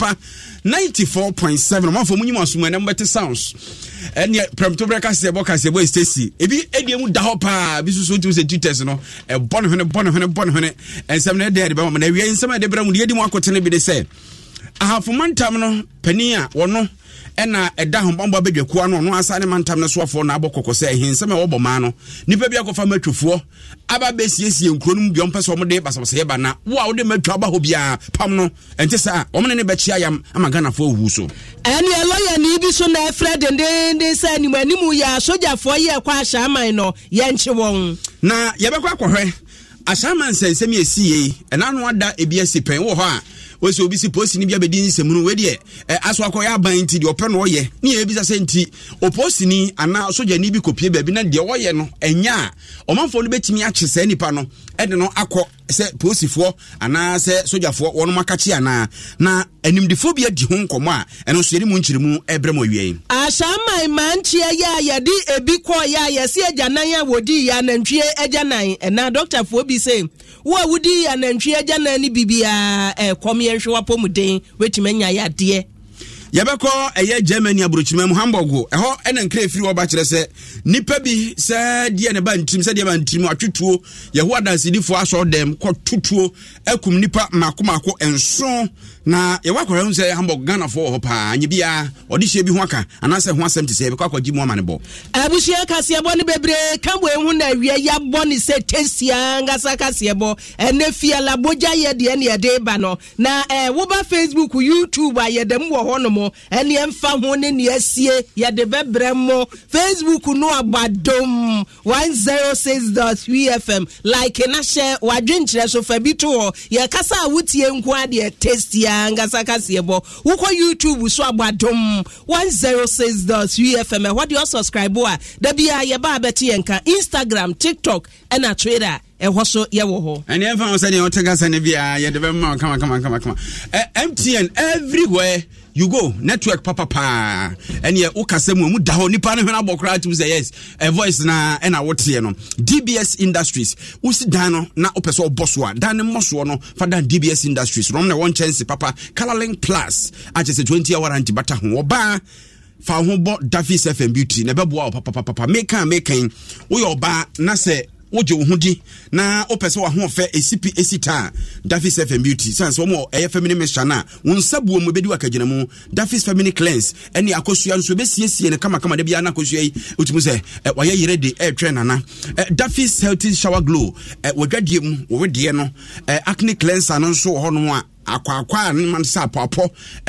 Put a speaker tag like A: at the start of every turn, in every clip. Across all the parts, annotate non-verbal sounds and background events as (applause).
A: papa 94.7 ɔmanfoɔ mu nyim asomane mbɛte sounds ɛne prɛmto berɛ kaseɛ bɔ kaseɛ bɔ ɛstasi ebi ɛdeɛ mu da hɔ paa bi soso wotim sɛ tuters no ɛbɔ ne hwene bɔ ne hwene bɔ ne hwene ɛnsɛm no ɛdɛ de bɛma ma na awiɛ nsɛm a ɛde berɛ mu deɛ ɛdi mu akotene bi de sɛ ahafo mantam no panin a wɔno ɛna ɛda ahombambɔ abɛdwakuwa no ɔno asa ne mantam no soafoɔ na abɔ kɔkɔ sɛ ahinsɛm a ɛwɔbɔ maa no nnipa bi akɔfa matwafoɔ aba bɛsiesie nkuro no mu bia sɛ ba na wo a wode matwa ba hɔ biaa pam no ɛnte saa ah, ɔmne ne bɛkyea yam ama ghanafoɔ awuwu so
B: ɛne ɛlɔyɛ bi so na ɛfrɛ dendenden sɛ animanimu yɛ asogyafoɔ yɛ kɔ ahyɛaman no yɛnkye wɔn
A: na yɛbɛkɔ akɔhwɛ ahyɛaman nsɛnsɛm yɛsiei ɛna wɔsi obi si polisi ni bi abɛdi nsɛm no wɔdeɛ ɛ aso akɔyɛ aban nti deɛ ɔpɛ no ɔyɛ ne yɛ ebisa sɛ nti opolisi ni anaa sojani bi kopie baabi na deɛ ɔyɛ no ɛnya a ɔmanfoɔ no bɛtumi akye sɛ nipa no ɛde no akɔ sɛ polisifoɔ anaa sɛ sojafoɔ wɔn mo akakye anaa na animdifoɔ bi adi ho nkɔmɔ a ɛno nso yɛde mu nkyirimu ɛbrɛ mu awie.
B: ahyɛnman mmaranteɛ yɛ a yɛde ebi kɔ yɛ a yɛsi agya nan a wodi yɛ anantwie agya nan ɛna dɔktafoɔ bi sɛ wo a wodi anantwie agya nan ni bibiara ɛkɔm yɛ yɛnhwɛ wapɔ den wɛtumi anya yɛ adeɛ
A: yɛbɛkɔ ɛyɛ germany aburokyima mu hamburg ɛhɔ ɛna nkra ɛfiri hɔ ba kyerɛ sɛ nnipa bi sɛ deɛ ne ba ntirim sɛ ba ntirim atwetuo yɛho adansedifoɔ asɔre dɛm kɔtotuo akum nnipa maakomaako ɛnson na yɛwɔ akɔrɛ hu sɛ hamburg ghanafoɔ wɔ hɔ paa nyɛ biaa ɔde hyɛ bi ho aka anaasɛ ho asɛm te sɛ yɛbɛkɔ akɔgye mu amane bɔ
B: abusua kaseɛbɔ no bebree kamboe hu na awia yɛabɔ ne sɛ tɛsiaa nkasa kaseɛbɔ ɛnɛ fialabogya yɛ deɛ ne yɛde ba no na eh, woba facebook youtube a yɛda mu wɔ hɔ no mo ɛneɛ mfa ho ne ne asie yɛde bɛbrɛ mo facebook no abadom 106.3fm like na hyɛ wadwenkyerɛ so fa bi to hɔ yɛkasa a wotie nko adeɛ tɛsia biara nkasa kasi wokɔ youtube so abɔ one zero six dot ufm ɛhɔ deɛ ɔsubscribe a da biara yɛba abɛte yɛn ka instagram tiktok ɛna
A: twitter ɛhɔ so yɛwɔ hɔ. ɛnìyɛn fa wọn sɛ ni ɔtɛ kasa ni bi a yɛde bɛ mma wọn kama kama kama kama mtn everywhere. you go network papa paa ɛneɛ wo kasa mu mu da ho nipa no hwene abɔ koraa tim yes a voice na ɛna woteɛ no dbs industries wosi dan na opeso sɛ wobɔ so dan no mmɔ no fa dan dbs industries rom na chance papa colorlink plus akyɛ sɛ 20 hour anti bata ho wɔbaa fa wo ho bɔ dafis fm beauty na papa papa papapapapa mekan mekan woyɛ ɔbaa na sɛ wogye wo ho di na wopɛ sɛ wahoɔfɛ ɛsipi ɛsi taa dafis fm beauty sane sɛ wɔma ɛyɛ family mission a wo nsa buo mu bɛdi wakagyina mu dafis family cleans ɛne akɔsua nso bɛsiesie no kamakama da biara no akɔsua yi wotumi sɛ wayɛ yerɛ de ɛretwɛ nana dafis healthy shower glow wɔdwadeɛ mu wɔwedeɛ no acne cleanser no nso wɔ hɔ a akwaakwa a ne man sɛ apɔapɔ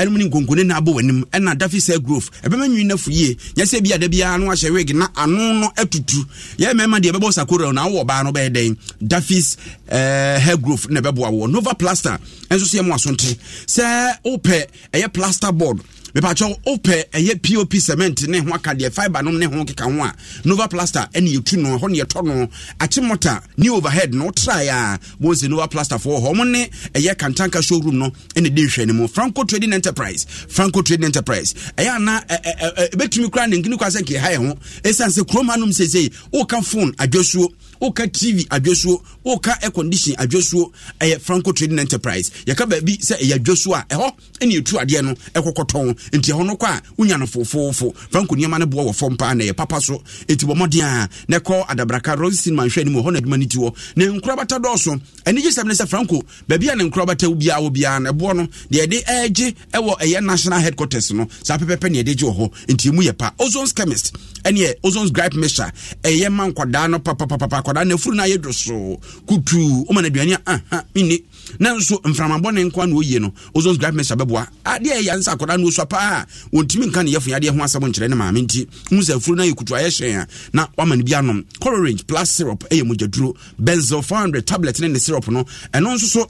A: ni ne nkonkone na abɔ w'anim ɛna dafi sɛ grove ɛbɛma nwin no afo yie nyɛ sɛ bia da biara no ahyɛ wig na ano no atutu yɛ mmarima deɛ ɛbɛbɔ sakora na wowɔ baa no bɛyɛ dɛn dafis uh, hair growth na ɛbɛboa wɔ nova plaster ɛnso so yɛ mu asonte sɛ wopɛ ɛyɛ plaster board mepatwɛ wopɛ ɛyɛ pop cement ne ho aka deɛ fiber nom ne ho keka ho a nova plaster ɛne yɛtu no ɛhɔ ne yɛtɔ no akye mɔta ne overhead no wotraeɛ a wɔn sɛ nova plaster foɔ hɔ mo ne ɛyɛ kantanka showroom no ɛne de nhwɛ no mu franco trading enterprise franco trading enterprise ɛyɛ ana ɛbɛtumi koraa ne nkini kwa sɛ nkeha ɛ ho ɛsiane sɛ kurom hanom seesei woka phone adwasuo woka tv adwasuo woka air condition adwosuo ɛyɛ franco trading enterprise yɛka baabi sɛ ɛyɛ adwosuo a ɛhɔ ɛne ɛtu adeɛ no ɛkɔkɔtɔn nti ɛhɔ no kɔ a wonya no fofoofo franco nneɛma no boa wɔ fam paa na ɛyɛ papa so nti bɔ mmɔden a na ɛkɔ adabraka rosin manhwɛ anim ɛhɔ na adwuma no ti hɔ na nkorabata dɔɔso ɛne gye sɛm ne sɛ franco baabi a ne nkorabata wo biara wo biara na ɛboɔ no deɛ ɛde ɛregye ɛwɔ ɛyɛ national headquarters no saa pɛpɛpɛ ne ɛde gye wɔ hɔ nti ɛmu yɛ pa ozones chemist ɛneɛ ozones gripe measure ɛyɛ ma nkwadaa no papapapa akwadaa no afuru no ayɛ dwosoo kutu ɔma no aduane aha menni na nso mframabɔne nkoa na ɔyie no ozons graph mesa bɛboa adeɛ ɛyɛ nsa akwadaa no ɔsua paa wɔntumi nka ne yɛfoyadeɛ ho asɛm nkyerɛ ne maame nti hu sɛ afuro no ayɛ kutu ayɛ hyɛn a na wama no bi anom corange plus syrup ɛyɛ mogyaduro benzel 400 tablet ne ne syrup no ɛno nso so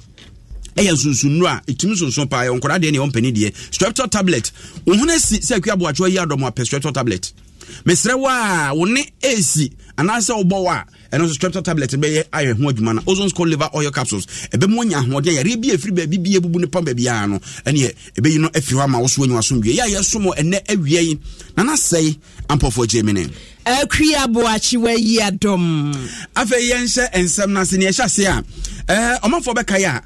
A: ɛyɛ nsonsunnuro a ɛtumi sonson paa yɛ nkɔdaa deɛ ne ɛwɔ mpani deɛ streptor tablet wo ho no asi sɛ akua aboakyewa yi adɔ apɛ streptor tablet mesrɛ wo a wo ne ɛsi anaasɛ wobɔ wo a ɛno nso strepto tablet bɛyɛ ayɛ ho adwuma no ozone score liver oil capsules ɛbɛmu anya ahoɔden yɛreɛ bi ɛfiri baabi bie bubu ne baabiaa no ɛneɛ ɛbɛyi no afiri hɔ ama wo so anyiwa asomdwe yɛ a yɛsom ɛnɛ awie yi na sɛe ampɔfoɔ gyee me ne akwi aboakye wayi adɔm afei yɛnhyɛ nsɛm no ase neɛ ɛhyɛ ase a eh, ɔmanfoɔ bɛka yɛ a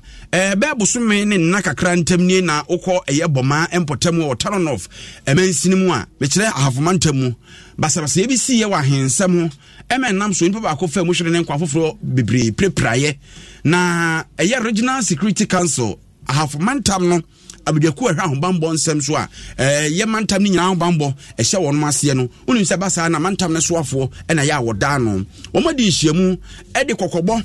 A: ɛbɛɛ eh, bosome ne nna kakra ntam nie na wokɔ ɛyɛ bɔma mpɔtam wɔ of ɛmansini mu a mekyerɛ ahafoma ntam mu basabasa yɛbi siiɛ wɔ ahensɛm nnipa baako fa nkwa foforɔ bebree na ɛyɛ regional security council ahafoma ntam no abadwaku ɛhwɛ ahobanbɔ nsɛm so a ɛɛ eh, yɛ mantam no nyinaa ahobanbɔ ɛhyɛ wɔn aseɛ no wɔn sɛ basaa na mantam no soafoɔ ɛna yɛ a wɔdaa no wɔn adi nhyiamu ɛde kɔkɔbɔ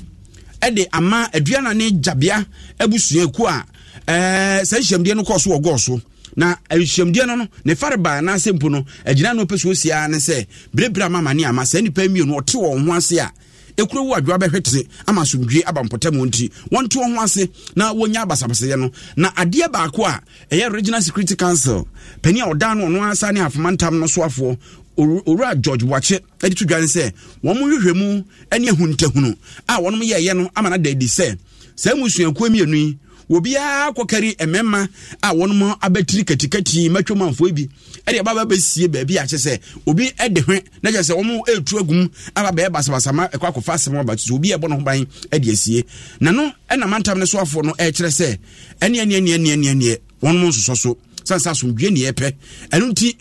A: ɛde ama aduana ne gyabea abusuaku a ɛɛ eh, saa nhyiamdeɛ no kɔɔ so wɔ gɔɔ na nhyiamdeɛ no no ne fare baa n'asɛmpo no agyina no pɛ so osia ne sɛ berebere ama ama ne ama saa nipa mmienu ɔte wɔn ho ase a ɛkuro wo adwoa bɛhwɛ te ama asomdwe aba mpɔtamu wɔn ti wɔn ho ase na wɔnya abasabasayɛ no na adeɛ baako a ɛyɛ regional security council panyin a ɔda no ɔno asa ne afoma ntam no soafoɔ owura george wakye de to dwane sɛ wɔn mo hwehwɛ mu ne ahuntahunu a wɔn ɛyɛ no ama na da adi sɛ saa mmusuakuo mmienu yi obiara kɔkari mmarima a wɔn abɛtiri katikati mɛtwa manfoɔ bi ɛde ɛba bɛbɛsie baabi a kyɛ sɛ obi ɛde hwɛ na kyɛ sɛ wɔn etu agum aba bɛyɛ basabasama ɛkɔ akɔfa asɛm aba tutu obi ɛbɔ ne ho ban ɛde asie na no ɛna mantam ne so afoɔ no ɛkyerɛ sɛ ɛneɛ neɛ neɛ neɛ neɛ neɛ wɔn nsosɔ so sansan asomdwe neɛ pɛ ɛno nti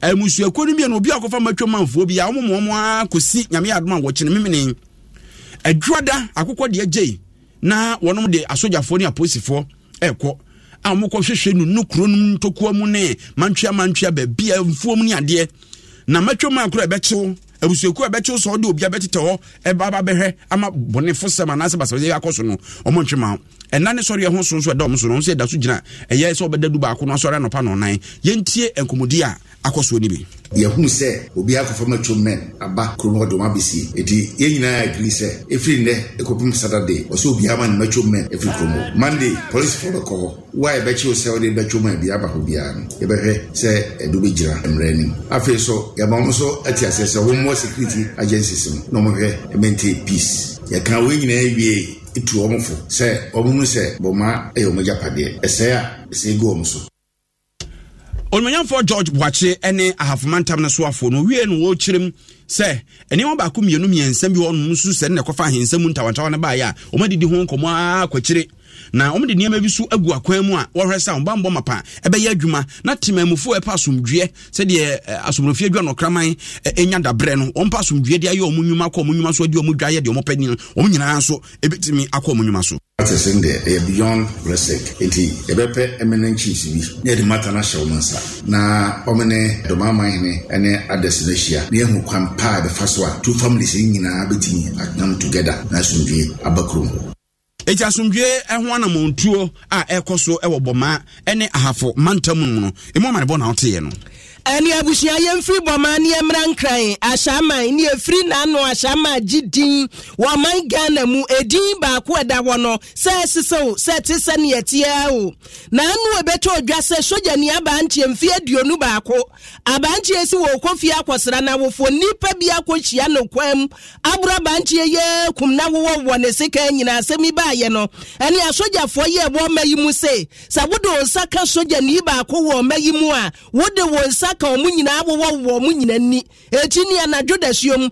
A: amusuakuo no bi no obi a ɔkɔfa matwa manfoɔ bi a wɔn mu wɔn akɔsi nyame adoma wɔkyene memene adwada akokɔ deɛ gyei na wɔnom de asogyafoɔ ne apolisifoɔ ɛrekɔ a wɔkɔ hwehwɛ no no kuro no ntokua mu ne mantwea mantwea baabia mfuom ne adeɛ na mɛtwa mu akoro ɛbɛkyew abusuakuo a ɛbɛkyew sɛ ɔde obi abɛtetɛ hɔ ɛba bɛhwɛ ama bɔnefo sɛm anaasɛ basabasɛ akɔ so no ɔmo ntwe ma ɛna ne sɔre ɛho nso nso ɛda ɔmo so no ɔmo sɛ ɛda so gyina ɛyɛ sɛ ɔbɛda du baako no asɔre anɔpa na ɔnan yɛntie nkɔmɔdi a akɔ soɔ no bi yɛhunu sɛ obi akɔfam atwom no aba kurom hɔ dɔm abɛsie ɛti yɛn nyinaa agiri sɛ ɛfiri nnɛ ɛkɔpem saturday ɔsɛ obiaa ma no matwom no ɛfiri kurom hɔ monday polisifoɔ bɛkɔ hɔ wo a yɛbɛkyew sɛ wode bɛtwom a bia aba hɔ biara no yɛbɛhwɛ sɛ ɛdo bɛgyina mmerɛ anim afei so yɛma mo so ate aseɛ sɛ wommoa security agencies no na ɔmohwɛ ɛmɛntie peace yɛka wei nyinaa wie tu wɔn fo sɛ wɔn mu sɛ bɔnma yɛ wɔn agyapadeɛ ɛsɛɛ a ɛsɛɛ gu wɔn so. onimanyamfoɔ george boakye ne ahafoma ntam no soafoɔ no wie no wɔkyerɛm sɛ nneɛma baako mmienu mmiɛnsa bi hɔ nom nso sɛ ne na ɛkɔfa ahensɛ mu ntawantawa no baeɛ a wɔmadidi ho nkɔmmɔ a kwakyire na wɔn de nneɛma bi so agu akwan mu a wɔhwɛ sɛ ɔbambɔ mapa ɛbɛyɛ adwuma na temamufo ɛpɛ asomdwoeɛ sɛdeɛ asomdwofie dwa nɔkraman ɛnya dabrɛ no wɔmpa asomdwoeɛ de ayɛ wɔn nnwuma akɔ wɔn nnwuma so de wɔn dwa ayɛ deɛ wɔn pɛ ni no wɔn nyinaa nso ɛbɛtumi akɔ wɔn nnwuma so. artist n deɛ ɛyɛ beyond respect eti yɛbɛpɛ eminent chiefs bi ne yɛde mata no ahyɛ wɔn nsa na wɔn ne dɔmamahene ɛne adɛsɛ no ahyia na yɛhu kwan paa bɛfa so a two families nyinaa bɛtumi atam together na asomdwoe aba kurom ɛti asomdwe ɛho anamontuo a ɛkɔ so ɛwɔ bɔmaa ɛne ahafo mantam no mu no ɛmu amane na woteɛ no
B: ɛne abusua yɛmfiri bɔma ne yɛmmra nkran ahyɛaman ne ɛfiri n'ano ahyɛaman gye din wɔ ɔman ghana mu ɛdin baako ɛda hɔ no sɛ ɛsesew sɛ ɛte sɛ ne yɛteɛ o naano ɛbɛtɔ odwa sɛ sogyani abankyeɛ mfe aduonu baako abankyeɛ si wɔ okɔfie akɔsra na wofoɔ nnipa bi akɔhyia no kwam aboro abankyeɛ yɛ kum na wowɔwɔ ne sika nyinaa asɛm baayɛ no ɛne asogyafoɔ yɛ wɔ ɔma yi mu se sɛ wode wo nsa ka sogyani baako wɔ ɔma yi mu a wode wo nsa aka wɔn nyinaa wowɔ wɔ wɔn nyinaa ni ekyi ni anadwo dasuo mu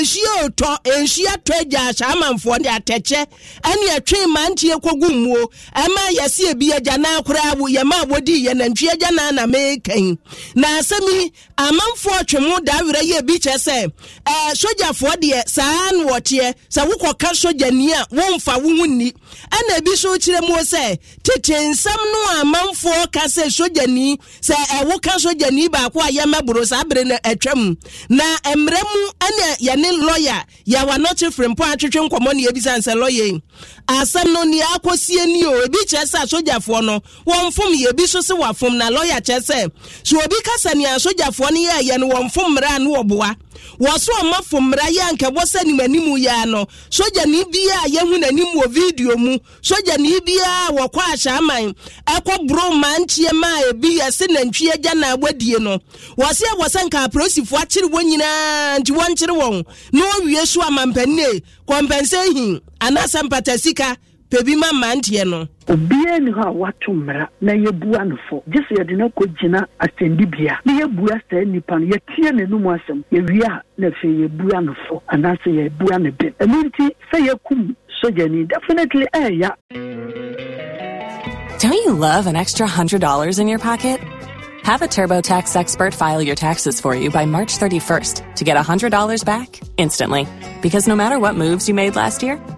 B: nsuo tɔ nsuo atɔ agya ahyɛ amanfoɔ de atɛkyɛ ɛne ɛtwe mmantie kɔgu muo ɛma yɛsi ebi agya naa koraa wo yɛma wodi yɛ nantwi agya naa na meekan na asɛm yi amanfoɔ twemu da awerɛ yɛ bi kyɛ sɛ ɛɛ sogyafoɔ deɛ saa na wɔteɛ sɛ wokɔka sogyani a wɔmfa wo ho ɛna ebi nso kyerɛ mu sɛ tete nsɛm no a amanfoɔ ka sɛ sogyani sɛ ɛwo ka sogyani baako a yɛmɛboro saa abere no atwa mu na mmerɛ mu ɛna yɛne lɔya yɛwa nɔkye firimpo atwetwe nkɔmmɔ ne yɛbisa nsɛ lɔya yi asɛm no nea akɔsie ni o ebi kyerɛ sɛ asogyafoɔ no wɔn fom yɛ ebi so se wɔafom na lɔya kyerɛ sɛ so obi kasa nea asogyafoɔ no yɛ yɛ wɔn fom mmerɛ a no wɔboa wɔso ɔmafo mmara yɛ ankɛbɔ sɛ nim anim yɛa no sogyani biaa yɛhu n'anim wɔ video mu sogyani biaa wɔkɔ ahyɛ aman ɛkɔ boro ma ma a ɛbi yɛse nantwie agya na wadie no wɔse ɛwɔ sɛ nka apolisifoɔ akyere wɔ nyinaa nti wɔnkyere wɔn na ɔwie so amampanin e kɔmpɛnsɛ hin anaasɛ mpata sika ma no
C: obiara ni hɔ a wato mmara na yɛbua no gye sɛ yɛde no kɔ gyina asɛndibea na yɛbua saa nnipa no n'anom asɛm yɛwie a na afei yɛbua no anaasɛ yɛbua no ɛno nti sɛ
D: sogyani definitely ɛɛya don't you love an extra $100 in your pocket have a turbotax expert file your taxes for you by march 31st to get $100 back instantly because no matter what moves you made last year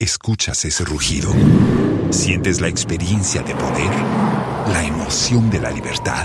E: Escuchas ese rugido. Sientes la experiencia de poder, la emoción de la libertad.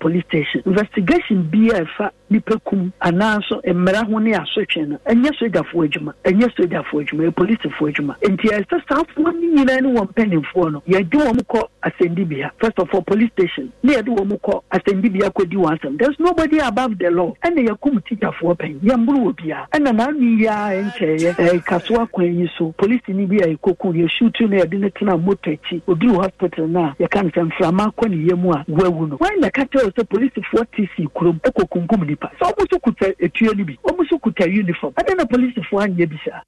C: police station investigation biaa ɛfa nipa kum anaaso mmara ho ne asotwe no ɛnyɛ sogyafoɔ adwuma ɛnyɛ sogyafoɔ adwuma ɛyɛ polisifoɔ adwuma nti ɛsɛ saafoɔ no nyinaa ne wɔn mpanimfoɔ no yɛde wɔn kɔ asɛndibea first of all police station ne yɛde wɔn kɔ asɛndibea kɔdi wɔn asɛm there is nobody above the law ɛna yɛkum tikyafoɔ pɛn yɛmboro wɔ ɛna n'anu yi a ɛnkyɛɛ ɛɛ kasoa kwan yi so polisini bi a yɛkɔku yɛsuutu no yɛde ne tena moto akyi oduru hospital no yɛka no sɛ mframa akɔ ne yam a wawu no wɔn na ka kyerɛ sɛ polisifoɔ te si kurom kɔkunkum nipa sɛ ɔmo so kuta etuo no bi ɔmo so kuta uniform ɛdɛ na polisifoɔ anyɛ bi saa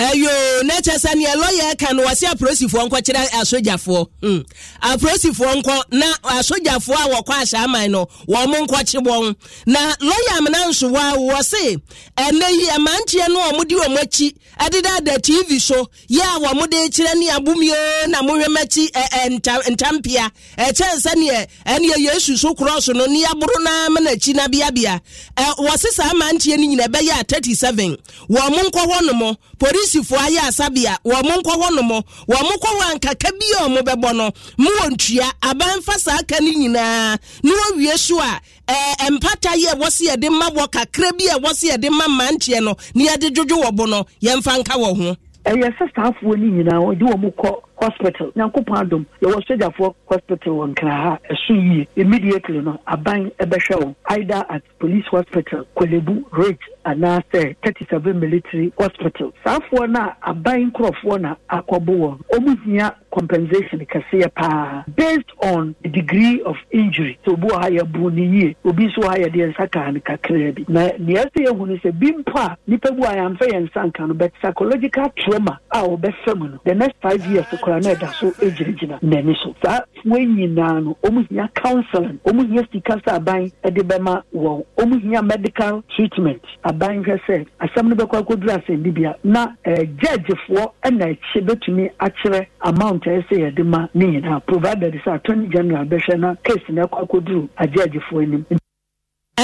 C: ɛyo hmm. na
B: kyɛ sɛ neɛ lɔyɛ ka no wɔse apolisifoɔ nkɔ kyerɛ asogyafoɔ mm. apolisifoɔ nkɔ na asogyafoɔ a wɔkɔ ahyɛ aman no wɔn mo nkɔkye wɔn na lɔyɛ amena nsowa wɔ se ɛnɛ yi ɛmanteɛ no wɔn di wɔn akyi ɛdeda da tv so yɛ a wɔn de kyerɛ ne abumio na mo hwɛm akyi ɛɛ ntam ntampia ɛkyɛ sɛ neɛ ɛneɛ yesu so korɔso no ne aboro na ama n'akyi na biabia ɛ e, wɔse saa amanteɛ no nyina ɛbɛyɛ a thirty seven wɔn mo nkɔ hɔ nom polisi polisifoɔ ayɛ asabea wɔn nkɔ hɔ nom wɔn kɔ hɔ ankaka bi a wɔn bɛbɔ no mu wɔ ntua abanfa saa aka no nyinaa na wɔwie so a ɛɛ mpata yi a wɔsi yɛde ma wɔ kakra bi a wɔsi yɛde ma mmeranteɛ no na yɛde dwodwo wɔ bo no yɛmfa nka wɔ ho.
C: ɛyɛ sɛ saafoɔ no nyinaa wɔde wɔn kɔ hospital nyankopɔn adom yɛwɔ sogyafoɔ hospital wɔ nkraha ɛso yie immediately no aban ɛbɛhwɛ wɔn either at police hospital kolebu rage anaasɛ 37 military hospital saafoɔ no a aban nkurɔfoɔ na akɔbo wɔn ɔmu hia compensation kɛseɛ paa based on the degree of injury sɛ obi wɔ ha yɛbu ne yie obi nso wɔ ha yɛde nsa kaa ne kakraa bi na nea ɛsɛ yɛhu no sɛ bi mpo a nnipa bi a yɛamfa yɛn nka no but psychological trauma a wɔbɛfa mu no the next five years akwaraa no ɛda so gyinagyina n'ani so saa wei nyinaa no ɔmu hia counseling ɔmu hia sika sɛ aban de bɛma wɔn ɔmu hia medical treatment aban hwɛ sɛ asɛm no bɛkɔ akɔduru asɛndibea na gyɛgyefoɔ na akyi bɛtumi akyerɛ amount a ɛsɛ yɛde ma ne nyinaa provided sɛ attorney general bɛhwɛ na case no ɛkɔ akɔduru agyɛgyefoɔ anim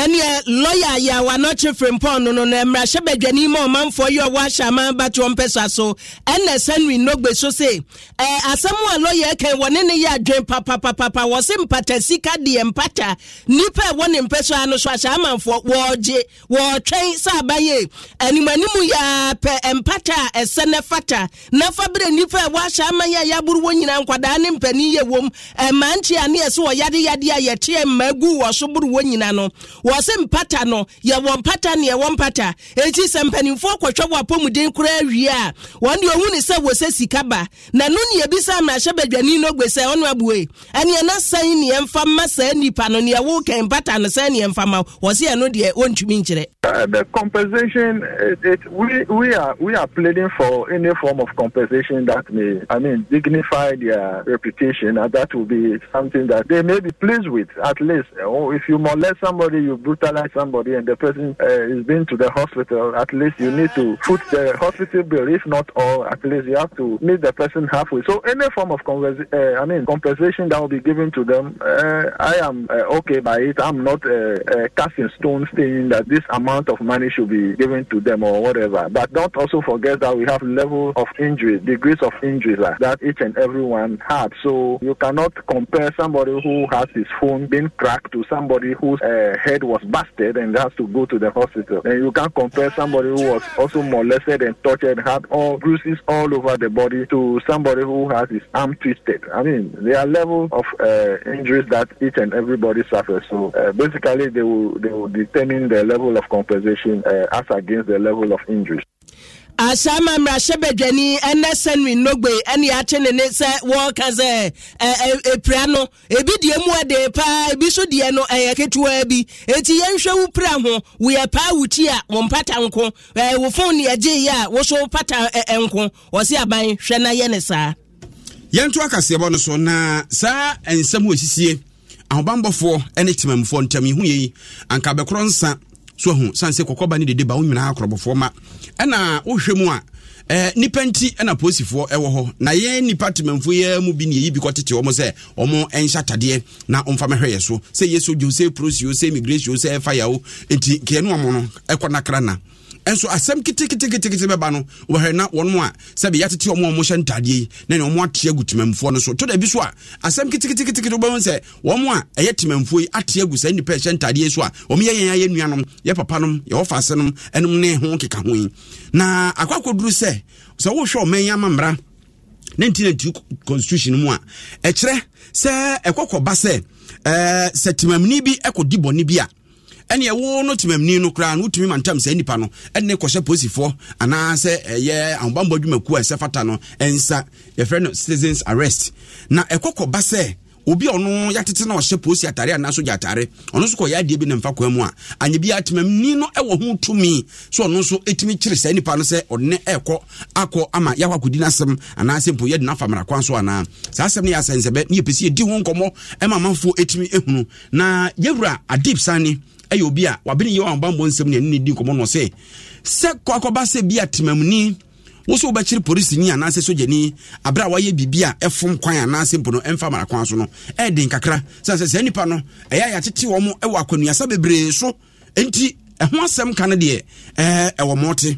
B: ɛneɛ lɔya ayawa nɔkye frimpɔn no no no mmarahyɛ badwani ma ɔmanfoɔ yi ɔwɔ ahyɛ aman batoɔ mpɛsa so ɛnna sanwi nogbe so se ɛɛ asɛm a lɔya ɛkɛn wɔne ne yɛ adwen papapapa wɔse mpata sika deɛ mpata nipa ɛwɔ ne mpɛsa ano so ahyɛ amanfoɔ wɔɔgye wɔɔtwɛn sɛ abayɛ animanimu yaa pɛ mpata a ɛsɛ ne fata nafa bere nipa ɛwɔ ahyɛ aman yɛ yaburu wɔ nyinaa nkwadaa ne mpanin yɛ wɔm ɛmantsi a ne yɛ so wɔ yadeyade a yɛteɛ mmaa gu wɔ so buru wɔ nyinaa no wɔsɛ mpata no yɛwɔ mpata ne yɛwɔ mpata enti sɛ mpanimfoɔ kɔhwɛ wɔ apɔmuden koraa awie a wɔn deɛ ɔhu ne sɛ wɔsɛ sika ba na no ne yɛbisa mmarahyɛ badwani no gbe sɛ ɔno abue ɛneɛ na sɛn ne yɛmfa ma saa nnipa no ne yɛwo kɛn mpata no sɛn ne yɛmfa ma wɔ se ɛno deɛ ɔntumi nkyerɛ
F: uh, the compensation it, it, we, we are we are pleading for any form of compensation that may i mean dignify their reputation and that will be something that they may be pleased with at least oh, if you molest somebody you brutalize somebody and the person uh, is being to the hospital, at least you need to foot the hospital bill, if not all, at least you have to meet the person halfway. So any form of conversa- uh, I mean compensation that will be given to them, uh, I am uh, okay by it. I'm not uh, uh, casting stones saying that this amount of money should be given to them or whatever. But don't also forget that we have level of injury, degrees of injuries that each and everyone had. So you cannot compare somebody who has his phone being cracked to somebody whose head head was busted and has to go to the hospital. And you can't compare somebody who was also molested and tortured, had all bruises all over the body, to somebody who has his arm twisted. I mean, there are levels of uh, injuries that each and everybody suffers. So uh, basically, they will they will determine the level of compensation uh, as against the level of injuries.
B: asaama mmarahyɛbadwani ɛnɛ sɛnwi nnogbe ɛne yɛakye ne ne sɛ wɔɔka e, e, e, sɛ ɛpira no ebi deɛ mu paa ebi nso deɛ no ɛyɛ ketewa bi eti yɛnhwɛ wo pira ho woyɛ paa wo ti a wɔn pata nko ɛɛ wo phone yɛ gye yɛ a woso pata ɛɛ wɔsi aban hwɛ na yɛ ne saa.
A: yɛnto akaseɛbɔ no so na saa nsɛm wɔsisie ahobanbɔfoɔ ne temamfoɔ ntam ihu yei anka bɛkorɔ nsa so ahu sane sɛ kɔkɔba ne dede ba wo nyinaa akorɔbɔfoɔ ma ɛna wohwɛ mu a eh, nipa nti ɛna polisifoɔ ɛwɔ hɔ na yɛn nipa temanfo yɛn mu bi ne yɛyi bi kɔ tete wɔn sɛ wɔn nhyɛ atadeɛ na wɔmfa mɛhwɛ yɛ so sɛ yɛ sojoo sɛ polisi o sɛ immigration o sɛ fire o nti kɛnu wɔn no ɛkɔ nakra na ɛnso asɛm keteketekete bɛba no wɔhwɛ na wɔn a sɛbi yɛatete wɔn a wɔhyɛ ntadeɛ yi na nea wɔn ate agu temamfoɔ no so to dɛbi so a asɛm keteketekete wɔbɛn sɛ wɔn a ɛyɛ temamfoɔ yi ate agu sɛ nipa ɛhyɛ ntadeɛ yi so a wɔn yɛ yɛn ayɛ nuanom yɛ papa nom yɛ wɔfa ase nom ɛnom ne ho keka ho yi na akɔakɔduru sɛ sɛ wɔhwɛ ɔman yi ama mmara ne ntinanti constitution mu a ɛkyerɛ sɛ ɛkɔkɔba sɛ ɛɛ eh, sɛ temamni bi ɛkɔdi ni bi a ɛne ɛwo no temamni no koraa no wotumi ma ntam saa nnipa no ɛne kɔhyɛ polisifoɔ anaasɛ ɛyɛ ahobanbɔ adwumakuo a ɛsɛ fata no ɛnsa yɛfrɛ no citizens arrest na ɛkɔ kɔba sɛ obi a ɔno yɛatete na ɔhyɛ posi atare anaa sogya atare ɔno nso kɔyɛ adeɛ bi ne mfa kwan mu a anyɛ bi atemamni no wɔ ho tumi so ɔno nso tumi kyere saa nipa no sɛ ɔne ɛkɔ akɔ ama yɛakɔ akɔdi n'asɛm anaasɛ mpo yɛde no afa mmarakwan so anaa saa asɛm no yɛ asɛnsɛbɛ ne yɛpɛ sɛ yɛdi ho nkɔmmɔ ma amanfoɔ tumi hunu na yɛwura adib sane ɛyɛ obi a wabene yɛ wambammɔ nsɛm ne ɛne ne di nkɔmmɔ no sɛ sɛ kɔakɔba sɛ bi a temamni wo so wobɛkyere polisini anaasɛ sogyani aberɛ a wayɛ biribi a ɛfom kwan anaasɛ mpo no ɛmfa marakwan so no ɛden kakra sane sɛ saa nnipa no ɛyɛ yɛatete wɔ m ɛwɔ akwanuasa bebree so enti ɛho asɛm ka no deɛ ɛwɔ mɔte